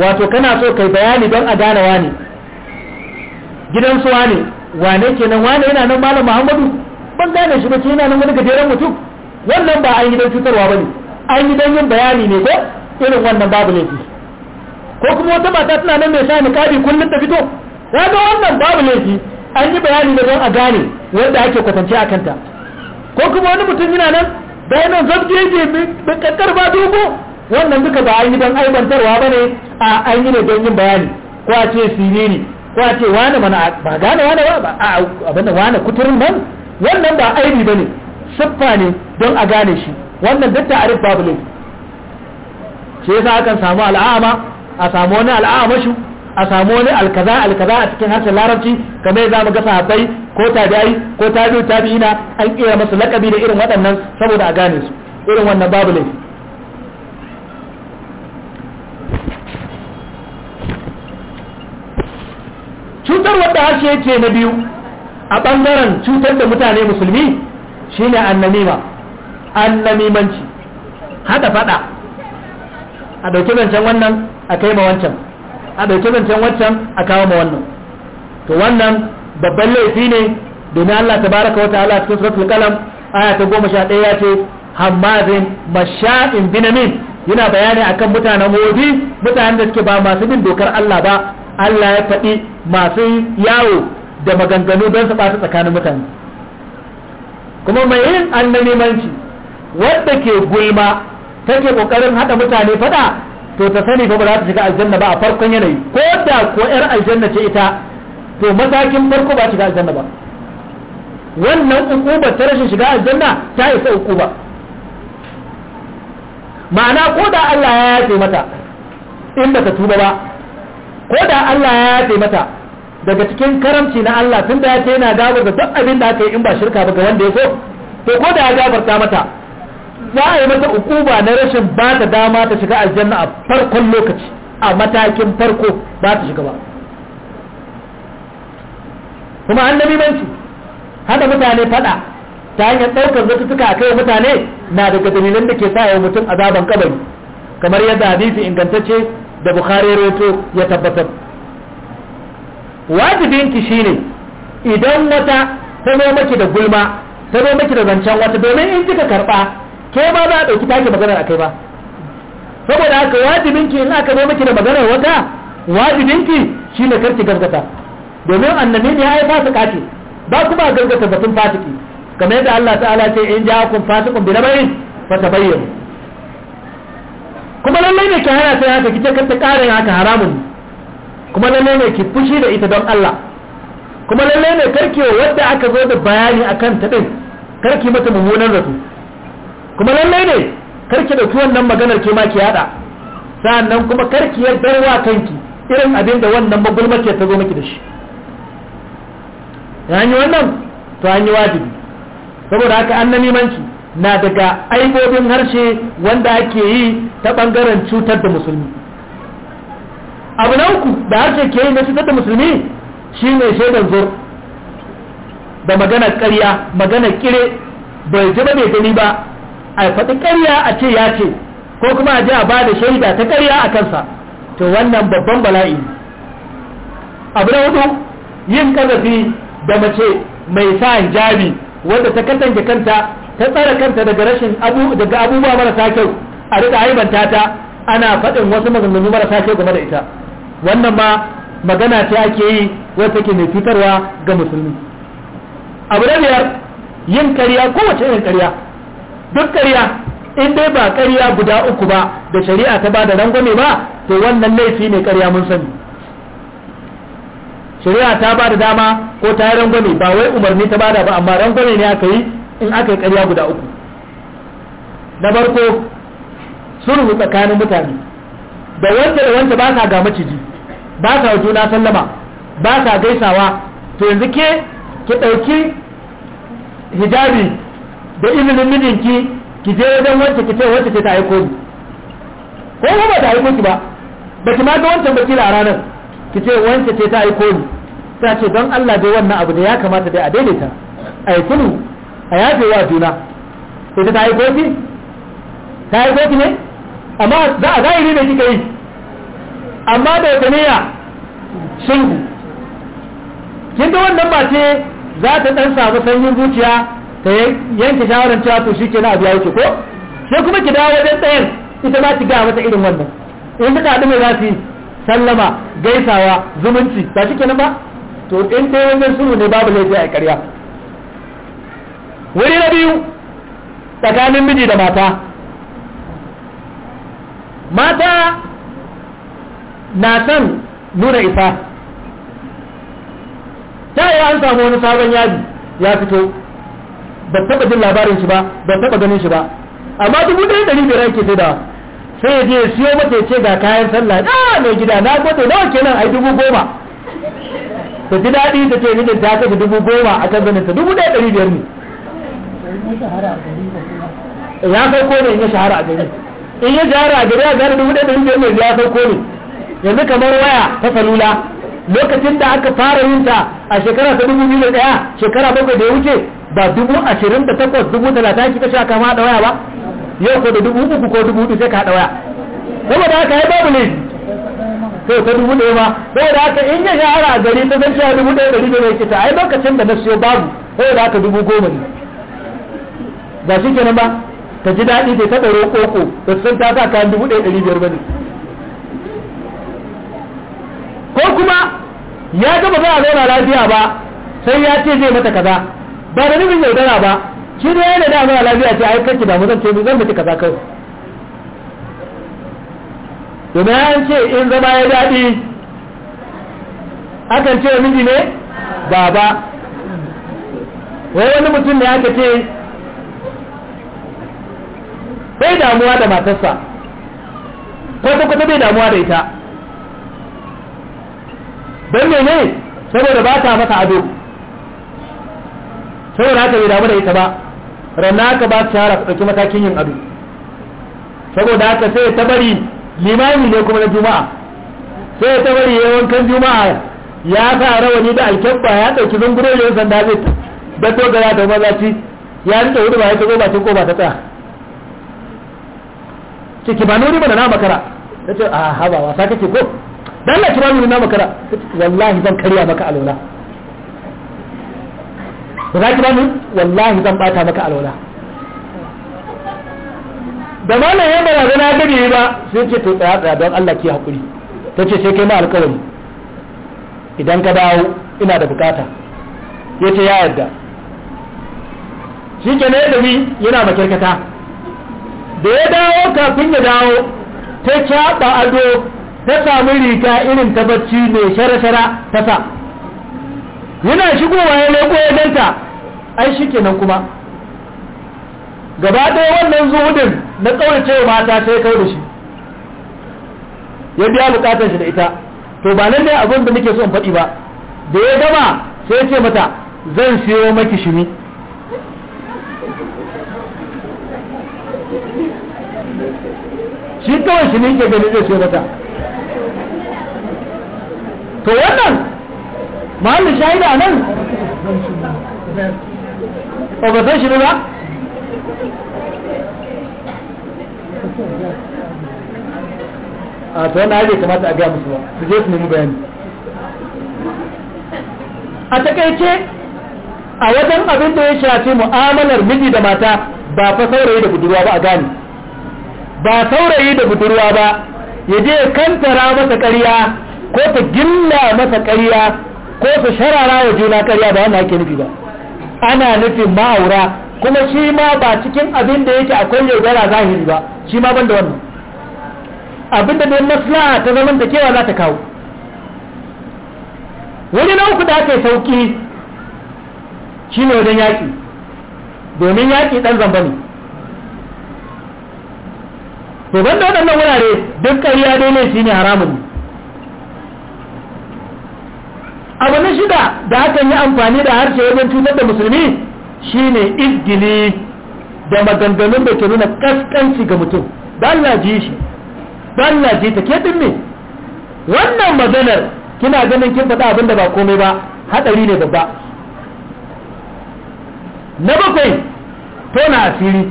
wato kana so kai bayani don a gane wane gidan su wane wane kenan wane yana nan malam muhammadu ban gane shi ba ce yana nan wani gajeren mutum wannan ba an yi don cutarwa ba ne an yi don bayani ne ko irin wannan babu laifi ko kuma wata mata tana nan mai sa kadi kullum ta fito ya wannan babu laifi an yi bayani ne don a gane wanda ake kwatance a kanta ko kuma wani mutum yana nan nan yana zabjeje da kakkar ba dogo wannan duka ba an yi don aibantarwa ba ne a an yi ne don yin bayani ko a ce ne ko a ce wane mana ba gane wane ba a abin wane kuturin nan wannan ba aibi ba ne siffa ne don a gane shi wannan duk ta'arif babu ne shi yasa akan samu al'ama a samu wani al'amashu a samu wani alkaza alkaza a cikin harshen larabci kamar za mu ga sahabbai ko tabi'ai ko tabi'u tabi'ina an kira masu lakabi da irin waɗannan saboda a gane su irin wannan babu cutar wadda harshe ce na biyu a ɓangaren cutar da mutane musulmi shine annamima an namimanci hada fada a dauki zancen wannan a kai ma wancan a dauki zancen wancan a kawo ma wannan to wannan babban laifi ne domin Allah baraka wa ta'ala cikin suratul qalam aya ta 11 ya ce hammazin masha'in binamin yana bayani akan mutanen wodi mutanen da suke ba masu bin dokar Allah ba Allah ya faɗi masu yawo da maganganu don su ɓata tsakanin mutane kuma mai yin an wadda ke gulma take kokarin hada mutane fada to ta sani fa ba za ta shiga aljanna ba a farkon yanayi ko da ko yar aljanna ce ita to matakin farko ba shiga aljanna ba wannan ukuba ta rashin shiga aljanna ta isa ukuba ma'ana ko da Allah ya yafe mata in ba ta tuba ba ko da Allah ya yafe mata daga cikin karamci na Allah tun da ya ce yana dawo ga duk abin da aka yi in ba shirka ba ga wanda ya so to ko da ya gafarta mata za a yi mata ukuba na rashin ba ta dama ta shiga aljanna a farkon lokaci a matakin farko ba ta shiga ba kuma an manci hada mutane fada ta hanyar daukar zatuttuka a kai mutane na daga dalilan da ke sa yau mutum azaban kabari kamar yadda hadisi ingantacce da bukhari roto ya tabbatar wajibinki shine idan wata ta zo maki da gulma ta zo maki da zancen wata domin in kika karba ke ma za a ɗauki take maganar a kai ba saboda haka wajibinki in aka zo miki da maganar wata wajibinki shi ne karki gargata domin annabi ne ya yi fasika ba kuma gaskata batun fasiki kamar yadda Allah ta'ala ce in ja kun fasikun bi labarin fa tabayyin kuma lallai ne ki hana sai haka kike kanta ta haka haramun kuma lallai ne ki fushi da ita don Allah kuma lallai ne karki wadda aka zo da bayani akan ta din karki mata mummunan rasu kuma lallai ne karki da wannan maganar ke ma ki yada sa'annan kuma karki ya darwa kanki irin abin da wannan magulma ta zo miki da shi ya hanyi wannan to hanyi wajibi saboda haka an na na daga aibobin harshe wanda ake yi ta bangaren cutar da musulmi abu na uku da harshe ke yi na cutar da musulmi shi ne shaidan zo da magana karya magana kire bai ji bai gani ba a faɗi ƙarya a ce ya ce ko kuma a ji a ba da shaida ta ƙarya a kansa to wannan babban bala'i abu na hudu yin ƙarfi da mace mai sa hijabi wanda ta katange kanta ta tsara kanta daga rashin daga abubuwa marasa kyau a rika haibanta ta ana faɗin wasu maganganu marasa kyau game da ita wannan ma magana ce ake yi wata ke mai fitarwa ga musulmi abu na biyar yin kariya kowace irin kariya duk ƙarya in dai ba ƙarya guda uku ba da shari'a ta ba da rangwame ba to wannan laifi ne ƙarya mun sani shari'a ta bada dama ko ta yi rangwame ba wai umarni ta bada ba amma rangwame ne aka yi in aka yi ƙarya guda uku na farko sulhu tsakanin mutane da wanda da wanda ba sa ga maciji ba sa juna sallama ba sa gaisawa to yanzu ke ki ɗauki hijabi da ilimin mijinki ki je wajen wacce ki ce wacce ce ta aiko ni ko ba ba ta aiko ki ba ba ki ma ga wancan baki a ranar ki ce wacce ce ta aiko ni ta ce don Allah dai wannan abu da ya kamata dai a daidaita a yi sulhu a yafe wa juna ita ta aiko ki ta aiko ki ne amma za a zahiri ne kika yi amma da wata ya sulhu kin ga wannan mace za ta dan samu sanyin zuciya ta yanke shawarar cewa to shi ke na abu ya wuce ko sai kuma ki dawo wajen tsayar ita ma ki gaya mata irin wannan in ta mai za sallama gaisawa zumunci ba shi kenan ba to in ta wajen ne babu laifi a ƙarya wuri na biyu tsakanin miji da mata mata na son nuna isa ta yi an samu wani sabon yaji ya fito ba taba jin labarin shi ba ba taba ganin shi ba amma dubu ɗaya ɗari biyar ake sai da sai ya je siyo mata ya ce ga kayan sallah a ah, mai gida na gode nawa kenan ai dubu goma ta ji daɗi ta ce mijin ta kashe dubu goma a kan ganin ta dubu ɗaya ɗari biyar ne ya ko ne in ya shahara a gari in ya shahara a gari a gari dubu ɗaya ɗari biyar ne ya ko ne yanzu kamar waya ta salula lokacin da aka fara yin ta a shekara ta dubu biyu da ɗaya shekara bakwai da ya wuce ba dubu ashirin da takwas dubu talatin kika sha kama haɗa waya ba yau ko da dubu uku ko dubu hudu sai ka haɗa waya Kuma da haka ya babu ne sai ka dubu ɗaya ba da haka in ya shahara a gari ta zan cewa dubu ɗaya da da zai kita ai lokacin da na siyo babu da haka dubu goma ne ba shi kenan ba ta ji daɗi ta taɗa roƙoƙo da san ta sa kayan dubu ɗaya da biyar ba ne ko kuma ya ga ba za a zauna lafiya ba sai ya ce zai mata kaza ba da nufin yaudara ba shi ne yana da mara lafiya ce yi kake da mu zan mu zan mutu kaza kawai domin an ce in zama ya daɗi akan ce miji ne baba ba wani mutum ne aka ce bai damuwa da matarsa kwata-kwata bai damuwa da ita don mene saboda ba ta mata ado saboda haka bai damu da ita ba rana ka ba su shahara ku ɗauki matakin yin ado saboda haka sai ta bari limami ne kuma na juma'a sai ta bari ya wankan juma'a ya sa rawani da alkyabba ya ɗauki zungure da san da zai da to gara da ci ya rike hudu ba ya ta ba ba ko ba ta tsaya ciki ba nuri ba na makara ta ce a haba wasa kake ko dan la kira na makara wallahi zan karya maka alwala ba za ki bani wallahi zan bata maka alwala da malam ya barazana da ne ba sai ce to tsaya tsaya don Allah ki hakuri ta ce sai kai ma alƙawari idan ka dawo ina da bukata ya ce ya yarda shi ke da da yana makirkata da ya dawo kafin ya dawo ta caɓa ado ta sami riga irin ta bacci mai shara-shara ta sa yana shigowa ya leko ya danta ai shi kenan kuma gaba ɗaya wannan zuhudin na ƙaurace mata sai kawo da shi ya biya bukatar shi da ita to ba nan ne abin da nake so in faɗi ba da ya gama sai ya ce mata zan siyo maki shimi shi kawai ne ke gani zai siyo mata to wannan mahallin shahida nan ba ba san shi ba a tsohon hajji kamata a gaya musu ba su je su nemi bayani a takaice a wajen abin da ya shafi mu'amalar miji da mata ba fa saurayi da budurwa ba a gane ba saurayi da budurwa ba ya je kantara masa ƙarya ko ta gilla masa ƙarya ko su sharara wa juna karya ba wanda ake nufi ba ana nufin ma'aura kuma shi ma ba cikin abin da yake akwai yaudara zahiri ba shi ma ban da wannan abin da dai maslaha ta zaman da kewa za ta kawo wani na uku da aka yi sauki shi ne wajen yaƙi domin yaƙi ɗan zamba ne to ban da waɗannan wurare duk ƙarya dai ne shi ne haramun ne abu na shida da aka yi amfani da harshe wajen cutar da musulmi shine izgili da maganganun da ke nuna kaskanci ga mutum da Allah ji shi da ji ta ke dinne wannan maganar kina ganin kin faɗa abin da ba komai ba Haɗari ne babba na bakwai tona asiri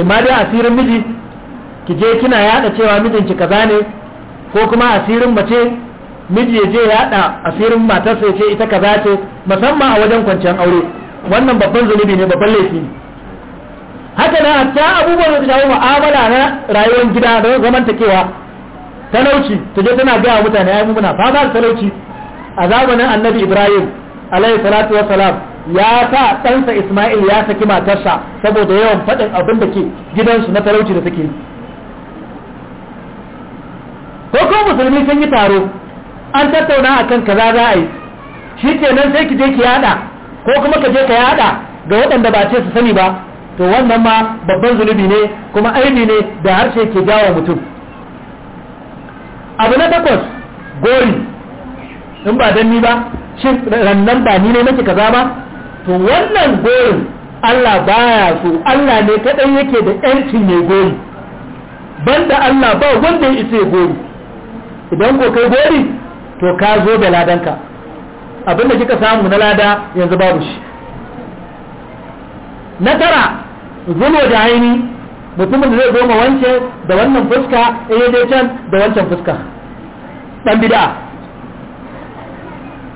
imma dai asirin miji ki je kina yaɗa cewa mijinki kaza ne ko kuma asirin mace miji ya je yada asirin matarsa ya ce ita kaza ce musamman a wajen kwanciyar aure wannan babban zunubi ne babban laifi ne haka na hatta abubuwan da shafi mu'amala na rayuwar gida da zamantakewa talauci ta je tana gaya mutane ai muna fama da talauci a zamanin annabi ibrahim alaihi salatu wassalam ya sa ɗansa isma'il ya saki matarsa saboda yawan faɗin abin da ke gidansu na talauci da suke ko kuma musulmi sun yi taro an tattauna a kan kaza za a yi Shi nan sai ki je ki yaɗa, ko kuma ka je ka yada ga waɗanda ba ce su sani ba to wannan ma babban zunubi ne kuma aini ne da harshe ke jawo mutum abu na takwas gori in ba don ni ba shin rannan ba ni ne nake kaza ba to wannan gorin Allah baya so Allah ne kaɗai yake da yancin ne gori banda Allah ba wanda ya gori idan ko kai gori to ka zo da ladanka abinda kika samu na lada yanzu babu shi na tara zuwa da haini mutumin da zai goma wance da wannan fuska in eh, dai can da wancan fuska dan bida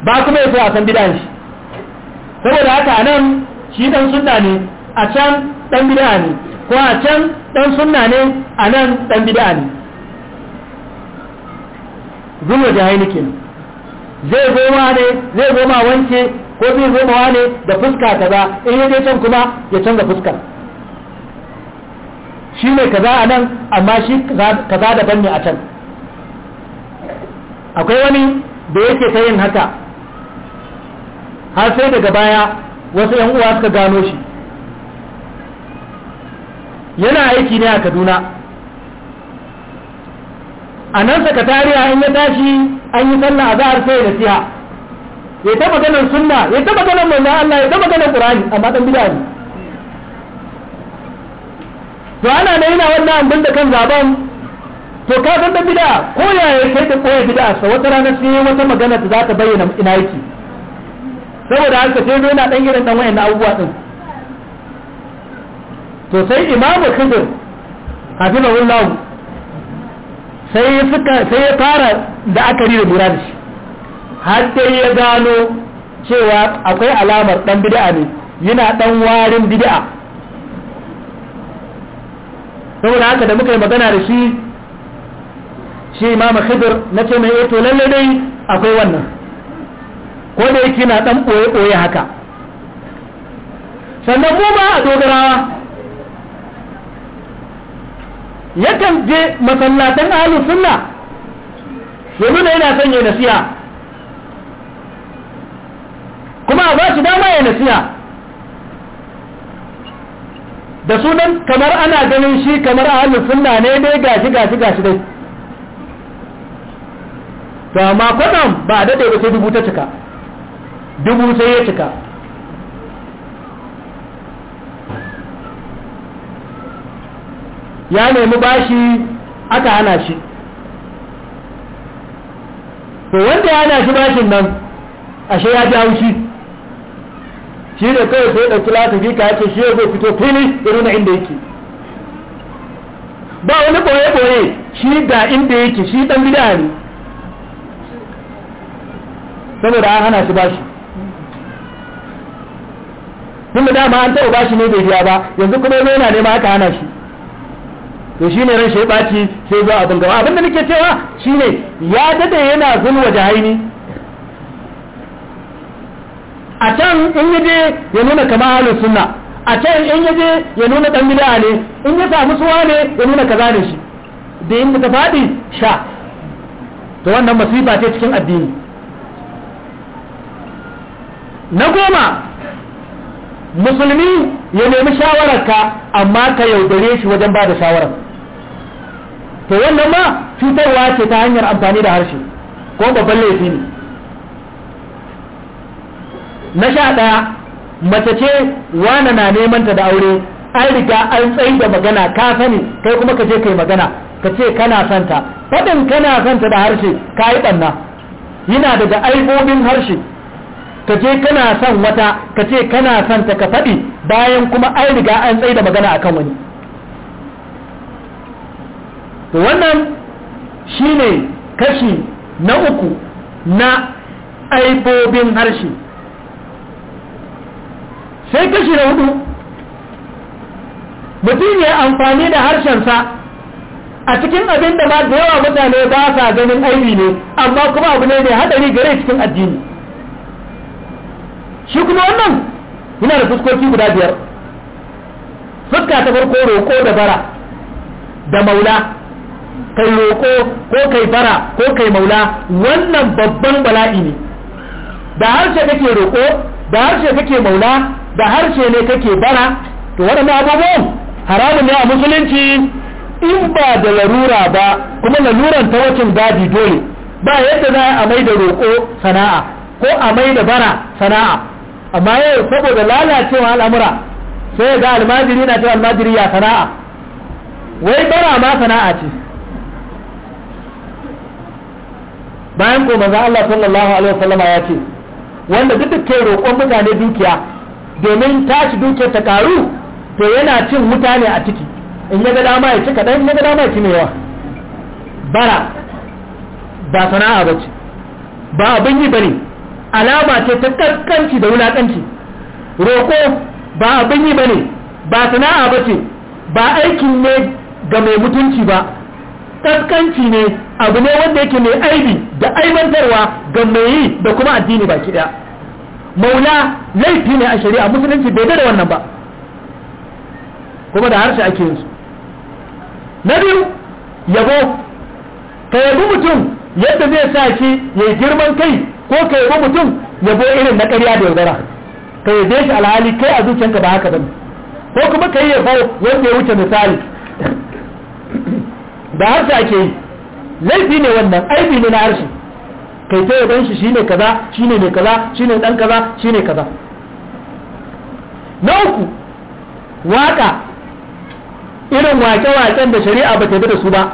ba kuma ya a san bidan shi saboda haka a nan shi dan sunna ne a can dan bida ne ko a can dan sunna ne a nan dan bida ne zuwa jahili kenan zai goma ne zai goma wanke ko zai goma ne da fuska ta za in ya je can kuma ya canza fuska shi ne kaza a nan amma shi kaza daban ne a can akwai wani da yake ta yin haka har sai daga baya wasu yan uwa suka gano shi yana aiki ne a kaduna a nan sakatariya in ya tashi an yi sallah a zahar sai da siya ya ta maganar sunna ya ta maganar manzo Allah ya ta maganar Qur'ani amma dan bid'a ne to ana ne yana wannan abin da kan zaben to ka san dan bid'a ko ya ya sai ta koyi bid'a sa wata rana sai wata magana ta za ta bayyana ina yake saboda haka sai zo yana dan irin dan wayannan abubuwa din to sai imamu khidir hafizahullahu sai ya fara da aka da lura da shi har dai ya gano cewa akwai alamar dan bid'a ne yana dan warin bid'a saboda haka da muka yi magana da shi shi imama khidr na ce mai eto eh, lalle dai akwai wannan ko da yake na dan boye boye haka sannan mu a dogarawa yakan je masallatan ahlus sunna ya nuna yana son ya nasiha kuma a ba shi dama ya nasiha da sunan kamar ana ganin shi kamar ahlus sunna ne dai gashi gashi gashi dai to amma kwanan ba a daɗe ba sai dubu ta cika dubu sai ya cika ya nemi bashi aka hana shi to wanda ya hana shi bashin nan ashe ya ji haushi shi da kawai sai ɗauki latafi ka ce shi zai fito fili ya nuna inda yake ba wani ɓoye-ɓoye shi ga inda yake shi ɗan bida ne saboda an hana shi bashi tun da dama an taɓa bashi ne bai biya ba yanzu kuma yana nema aka hana shi to ne ran shi baci sai zo abin gaba abinda nake cewa shi ne ya dade yana zun waje haini a can in yaje ya nuna kama halin sunna a can in yaje ya nuna ɗan bid'a ne in ya samu suwa ne ya nuna kaza ne shi da in ta faɗi sha to wannan masifa ce cikin addini na goma musulmi ya nemi ka amma ka yaudare shi wajen ba da shawarar to wannan ma cutarwa ce ta hanyar amfani da harshe ko babban laifi ne na sha ɗaya mace ce wane na neman ta da aure an riga an tsayi da magana ka sani kai kuma ka je kai magana ka ce kana santa faɗin kana santa da harshe ka yi ɓanna yana daga aibobin harshe ka je kana son wata ka ce kana son ta ka faɗi bayan kuma an riga an tsaye da magana akan wani to wannan shine kashi na uku na aibobin harshe sai kashi na hudu mutum ya amfani da harshensa a cikin abin da ma da yawa mutane ba sa ganin aibi ne amma kuma abu ne mai haɗari gare cikin addini shi kuma wannan yana da fuskoki guda biyar fuska ta farko roƙo da bara da maula kai roƙo ko kai bara ko kai maula wannan babban bala'i ne da harshe kake roƙo da harshe kake maula da harshe ne kake bara to waɗannan abubuwan haramun ne a musulunci in ba da larura ba kuma laluran ta wacin gadi dole ba yadda za a mai da roƙo sana'a ko a mai da bara sana'a amma yau saboda lalacewa al'amura sai ga almajiri na cewa almajiri ya sana'a wai bara ma sana'a ce bayan ko manzo Allah sallallahu alaihi wasallam ya ce wanda duk ke roƙon mutane dukiya domin tashi dukiyar ta karu to yana cin mutane a ciki in ya ga dama ya ci kaɗan in ya ga dama ya ci mai yawa bara ba sana'a ba ce ba abin yi bane alama ce ta kaskanci da wulakanci roƙo ba abin yi ba ne, ba sana'a ba ce ba aikin ne ga mai mutunci ba kaskanci ne abu ne wanda yake mai aibi da aibantarwa ga mai yi da kuma addini ba daya maula laifi ne a shari'a musulunci bai da wannan ba kuma da harshe ake yin na biyu yabo ka yabi mutum yadda zai sa shi ya girman kai ko ka yabo mutum yabo irin na ƙarya da yaudara ka yabe shi alhali kai a zuciyanka ba haka bane ko kuma ka yi yabo wanda ya wuce misali da harshe ake yi laifi ne wannan aibi ne na harshe kai ta yaban shi shine kaza shine ne kaza shine dan kaza shine kaza na uku waka irin wake-waken da shari'a ba ta bi da su ba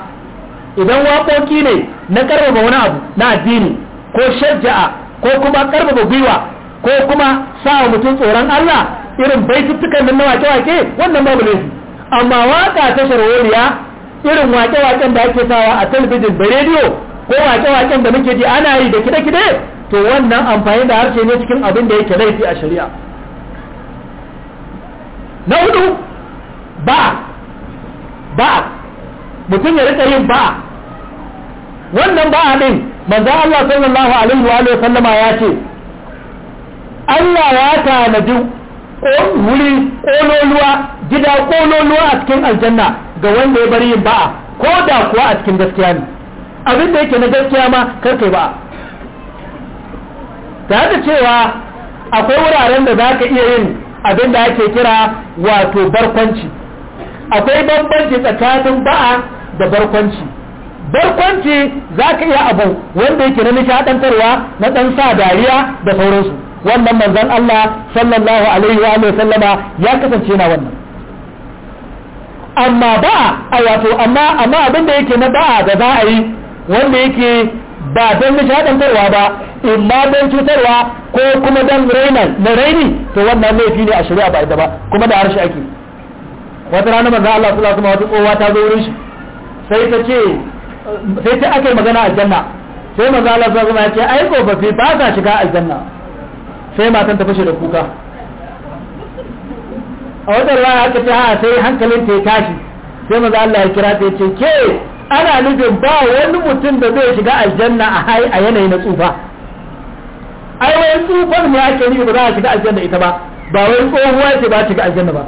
idan waƙoƙi ne na karfafa wani abu na addini ko shajja'a ko kuma karfafa gwiwa ko kuma sa wa mutum tsoron Allah irin baituttukan nan na wake-wake wannan babu ne amma waka ta sharholiya irin wake-waken da ake sawa a talabijin da rediyo ko wake-waken da muke ji ana yi da kide-kide to wannan amfani da harshe ne cikin abin da yake laifi a shari'a na hudu ba ba mutum ya rika yin ba wannan ba din manzo Allah sallallahu alaihi wa sallama ya ce Allah ya tanadi wuri kololuwa gida kololuwa a cikin aljanna ga wanda ya bari yin ba'a ko da kuwa a cikin gaskiya ne abin da yake na gaskiya ma karkai ba'a tare da cewa akwai wuraren da za ka iya yin abin da ake kira wato barkwanci akwai bambanci tsakanin ba'a da barkwanci barkwanci za ka iya abu wanda yake na nishadantarwa na ɗan sa dariya da sauransu wannan manzon Allah sallallahu alaihi wa sallama ya kasance na wannan amma ba a wato amma amma abin da yake na da'a da za a yi wanda yake ba don nishadantarwa ba imma don cutarwa ko kuma don raina na raini to wannan laifi ne a shari'a ba ba kuma da harshe ake wata rana manzo Allah sallallahu alaihi wa sallama wata ta zo wurin shi sai ta ce sai ta aka yi magana aljanna sai maza Allah sai kuma ya ce ai tsofaffi ba sa shiga aljanna sai matan ta fashe da kuka a wata ruwa aka ce ha sai hankalin ta ya tashi sai maza Allah ya kira ta ya ce ke ana nufin ba wani mutum da zai shiga aljanna a a yanayi na tsufa ai wai tsufan ne ake nufi ba za a shiga aljanna ita ba ba wai tsohuwa ce ba shiga aljanna ba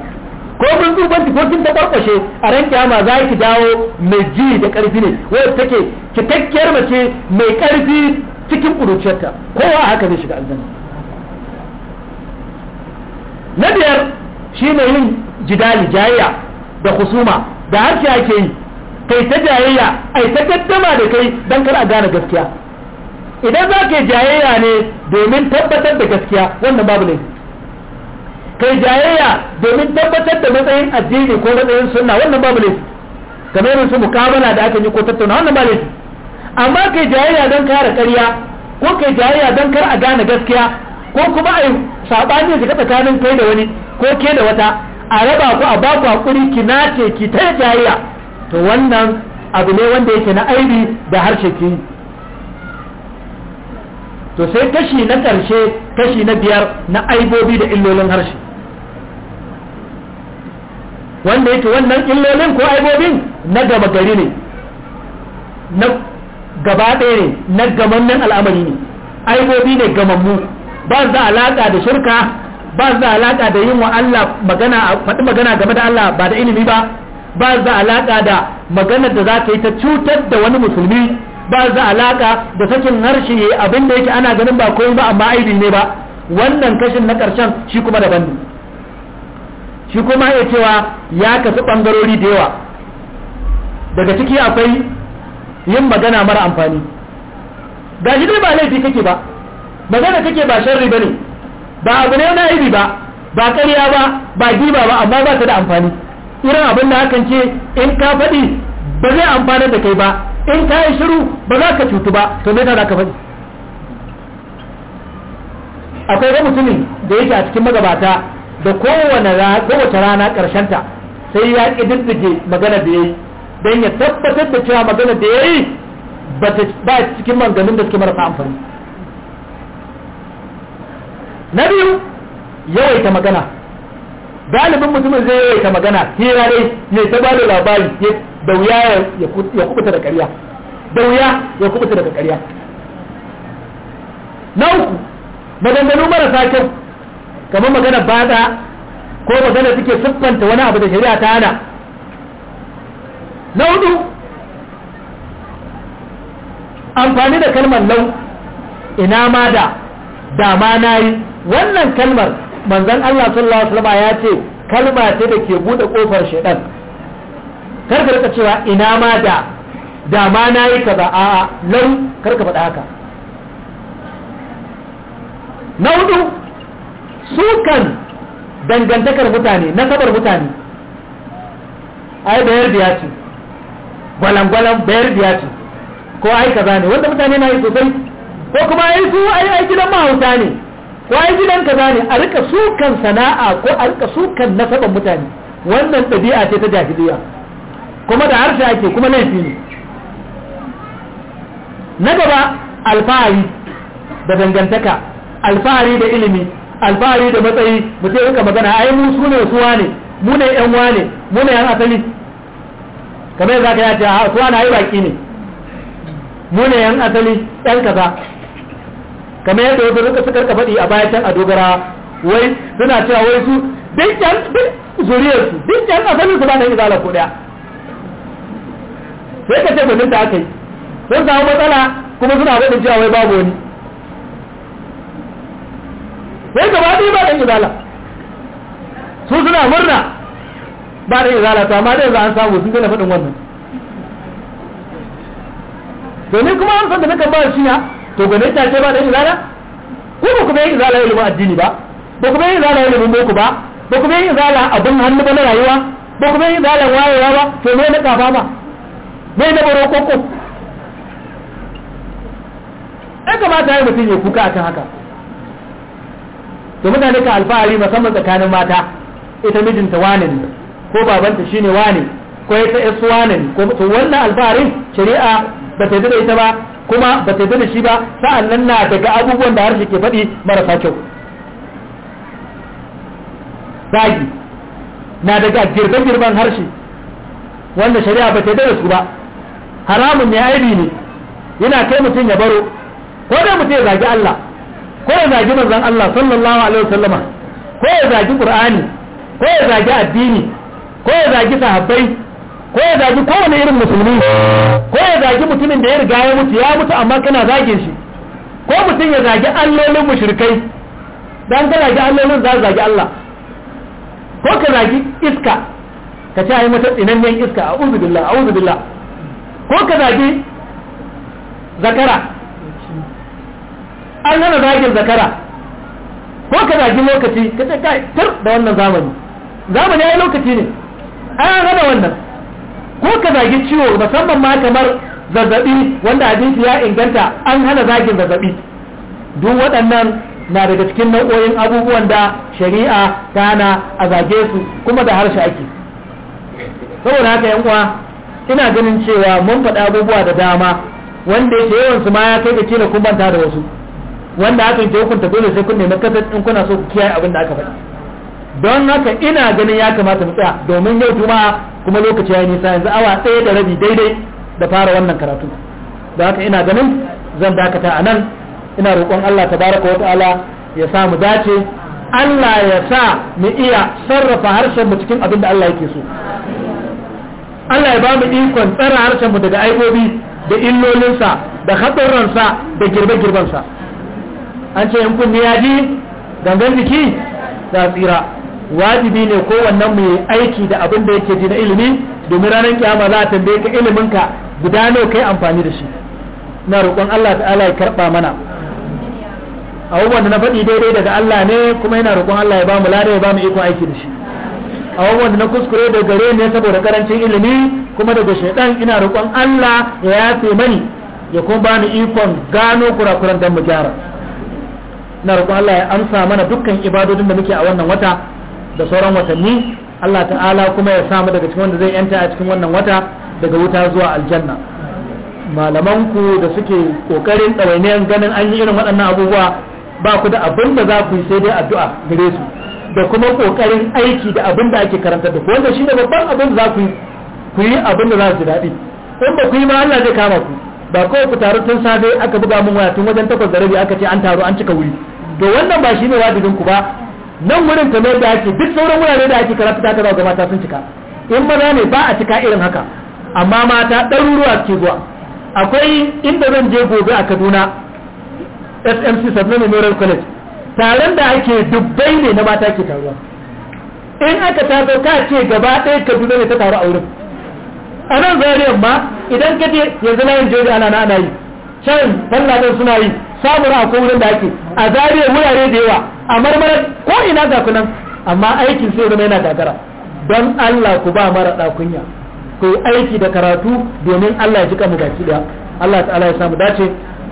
ko kun tsufanci ko kin takwarkwashe a ran kiyama za ki dawo mai ji da karfi ne ke take takkiyar mace mai ƙarfi cikin kuruciyarta kowa haka zai shiga aljanna na biyar shine yin jidali jayayya da husuma da harshe ake yi kai ta jayayya ai ta gaddama da kai dan kar a gane gaskiya idan za ka jayayya ne domin tabbatar da gaskiya wannan babu laifi kai jayayya domin tabbatar da matsayin addini ko matsayin sunna wannan babu laifi kamar irin su mukabala da aka yi ko tattauna wannan babu laifi amma kai jayayya don kare ƙarya ko kai jayayya don kar a gane gaskiya ko kuma a saɓani shiga tsakanin kai da wani ko ke da wata a raba ku a baku hakuri ki nace ki ta jayayya to wannan abu ne wanda yake na aibi da harshe ki to sai kashi na ƙarshe kashi na biyar na aibobi da illolin harshe wanda yake wannan illolin ko aibobin na gama gari ne na gaba ɗaya ne na nan al'amari ne aibobi ne gamammu ba za alaƙa da shirka ba za alaƙa da yin wa Allah magana faɗi magana game da Allah ba da ilimi ba ba za alaƙa da maganar da za ta yi ta cutar da wani musulmi ba za alaƙa da sakin harshe abin da yake ana ganin ba komai ba amma aibi ne ba wannan kashin na ƙarshen shi kuma daban ne shi kuma ya cewa ya kasu ɓangarori da yawa daga ciki akwai yin magana mara amfani ga shi dai ba laifi kake ba magana kake ba sharri ba ne ba abu ne na ibi ba ba ƙarya ba ba giba ba amma ba ta da amfani irin abin da hakan ce in ka faɗi ba zai amfanar da kai ba in ka yi shiru ba za ka cutu ba to me za ka faɗi akwai ga mutumin da yake a cikin magabata da kowane kowace rana ta sai ya ƙididdige magana da ya yi don ya tabbatar da cewa magana da ya yi ba cikin manganin da suke marasa amfani na biyu yawaita magana galibin mutumin zai yawaita magana hira dai ya ta bada labari da wuya ya kubuta da ƙarya da wuya ya kubuta daga ƙarya na uku maganganu marasa kyau kamar magana ba za, ko magana suke siffanta wani abu da shari'a ta hana na hudu amfani da kalmar lau ina ma da dama na yi wannan kalmar manzan Allah sallallahu alaihi wasallam ya ce kalma ce da ke bude kofar shedan karka rika cewa ina ma da dama na yi ka kaza a lau karka faɗa haka na hudu sukan dangantakar mutane nasabar mutane ai bayar biya ce gwalangwalan bayar biya ce ko ai ka ne wanda mutane na yi sosai ko kuma ai su ai ai gidan mahauta ne ko ai gidan ka ne a rika sukan sana'a ko a rika sukan sabar mutane wannan ɗabi'a ce ta jahiliya kuma da harshe ake kuma laifi ne na gaba alfahari da dangantaka alfahari da ilimi alfahari da matsayi mu sai rinka magana ai mu su ne su wane mu ne yan wane mu ne yan asali kamar yadda ka yace a su wane ai baki ne mu ne yan asali yan kaza kamar yadda wasu rinka suka rika faɗi a bayan can a dogara wai suna cewa wai su duk yan su duk yan asalin su ba na izala ko daya sai ka ce gudun ta aka yi sun samu matsala kuma suna faɗin cewa wai babu wani sai gaba ɗaya ba ɗan izala su suna murna ba ɗan izala to amma dai za an samu sun gina faɗin wannan domin kuma an san da nakan ba shi ya to gane ta ce ba ɗan izala ko ba ku bai izala ilimin addini ba ba ku bai izala ilimin boko ba ba ku bai izala abin hannu ba na rayuwa ba ku bai izala wayewa ba to me na kafa ba me na baro koko ya kamata ya mutum ya kuka a kan haka da mutane ka alfahari musamman tsakanin mata ita mijinta wane ne ko babanta shine wane ko ita yasu wane ne ko to wannan alfaharin shari'a ba ta da ita ba kuma ba ta da shi ba sa'an nan na daga abubuwan da harshe ke faɗi marasa kyau zagi na daga girbe-girben harshe wanda shari'a ba ta da su ba haramun ne aibi ne yana kai mutum ya baro ko da mutum ya zagi Allah ko ya zagi manzon Allah sallallahu alaihi wasallama ko ya zagi Qur'ani ko ya zagi addini ko ya zagi sahabbai ko ya zagi kowane irin musulmi ko ya zagi mutumin da ya riga ya mutu ya mutu amma kana zagin shi ko mutum ya zagi allolin mushrikai dan ka zagi allolin za zagi Allah ko ka zagi iska ka ce ai mata tsinannen iska a'udhu billah a'udhu billah ko ka zagi zakara an hana zagin zakara ko ka zagi lokaci ka ce kai tur da wannan zamani zamani ai lokaci ne an hana wannan ko ka zagi ciwo musamman ma kamar zazzabi wanda abinci ya inganta an hana zagin zazzabi duk waɗannan na daga cikin nau'o'in abubuwan da shari'a ta hana a zage su kuma da harshe ake saboda haka yan uwa ina ganin cewa mun faɗi abubuwa da dama wanda yake yawan su ma ya kai da kila kun banta da wasu wanda hakan ke hukunta dole sai kun nemi kasar in kuna so ku kiyaye abin da aka faɗi don haka ina ganin ya kamata mu tsaya domin yau juma'a kuma lokaci ya nisa yanzu awa ɗaya da rabi daidai da fara wannan karatu da haka ina ganin zan dakata a nan ina roƙon Allah ta tabaraka wa ta'ala ya sa mu dace Allah ya sa mu iya sarrafa harshen mu cikin abin da Allah yake so Allah ya ba mu ikon tsara harshen mu daga aibobi da illolinsa da haɗurransa da girbe-girbensa an ce in kunne ya ji gangan jiki za tsira wajibi ne kowannen mu aiki da abin da yake ji na ilimi domin ranar kyamar za a tambaye ka iliminka guda nawa kai amfani da shi na roƙon Allah ta'ala ya karɓa mana A wanda na faɗi daidai daga Allah ne kuma yana roƙon Allah ya mu lada ya mu ikon aiki da shi A wanda na kuskure da gare ne saboda karancin ilimi kuma daga shaidan ina roƙon Allah ya yafe mani ya kuma ba bani ikon gano kurakuran dan mu gyara na roƙon Allah ya amsa mana dukkan ibadodin da muke a wannan wata da sauran watanni Allah ta'ala kuma ya samu daga cikin wanda zai yanta a cikin wannan wata daga wuta zuwa aljanna malaman ku da suke kokarin ɗawainiyar ganin an yi irin waɗannan abubuwa ba ku da abin da za ku yi sai dai addu'a gare su da kuma kokarin aiki da abin da ake karanta da wanda shi ne babban abin da za ku yi ku yi abin da za su daɗi in ba ku yi ma Allah zai kama ku ba kawai ku taru tun safe aka buga mun waya tun wajen takwas da rabi aka ce an taru an cika wuri da wannan ba shi ne wajibin ku ba nan wurin kamar da ake duk sauran wurare da ake karatu ta ga mata sun cika in maza ne ba a cika irin haka amma mata ɗaruruwa ke zuwa akwai inda zan je gobe a kaduna smc sabna memorial college taron da ake dubbai ne na mata ke taruwa in aka taso ka ce gaba ɗaya kaduna ne ta taru a wurin a nan zariyar ma idan ka je yanzu yin jori ana na ana yi can sallah suna yi samura a wurin da ake a zariya wurare da yawa a marmara ko ina ga kunan amma aikin sai zama yana gagara don Allah ku ba mara kunya ku yi aiki da karatu domin Allah ya jika mu baki da Allah ta'ala ya samu dace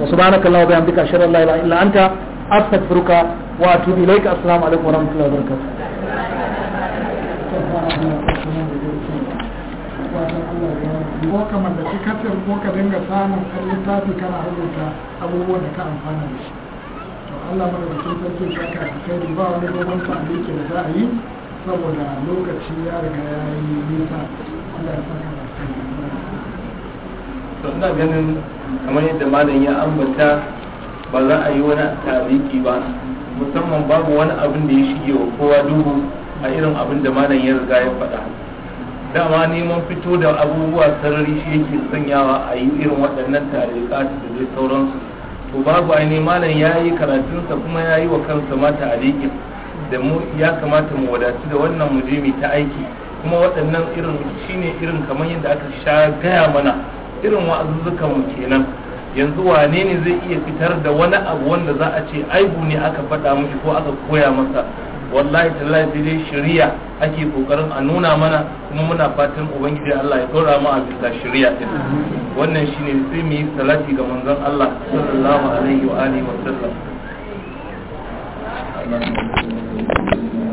wa subhanaka Allahu bi ashhadu an la ilaha illa anta astaghfiruka wa atubu ilaika assalamu alaikum wa rahmatullahi wa barakatuh ko ka mallaki katin ko ka dinga samun ɗan littafi kana rubuta abubuwan da ka amfana da shi to allah madaukakin sarki ya ka da ba wani dogon ke da za a yi saboda lokaci ya riga ya yi nisa allah ya saka da to ina ganin kamar yadda malam ya ambata ba za a yi wani tariki ba musamman babu wani abin da ya shige wa kowa duhu a irin abin da malam ya riga ya faɗa dama neman fito da abubuwa sarari shi yake sanyawa a yi irin waɗannan tarika da dai sauransu to babu aini malam ya yi karatunsa kuma ya yi wa kansa a tarikin da mu ya kamata mu wadatu da wannan mu je ta aiki kuma waɗannan irin shi ne irin kamar yadda aka sha gaya mana irin wa'azuzzukan mu kenan yanzu wane ne zai iya fitar da wani abu wanda za a ce aibu ne aka faɗa mu ko aka koya masa wallahi ta lafi dai shari'a ake kokarin a nuna mana kuma muna fatan ubangiji Allah ya dora mu a bisa shari'a din wannan shine sai mu yi salati ga manzon Allah sallallahu alaihi wa alihi wa sallam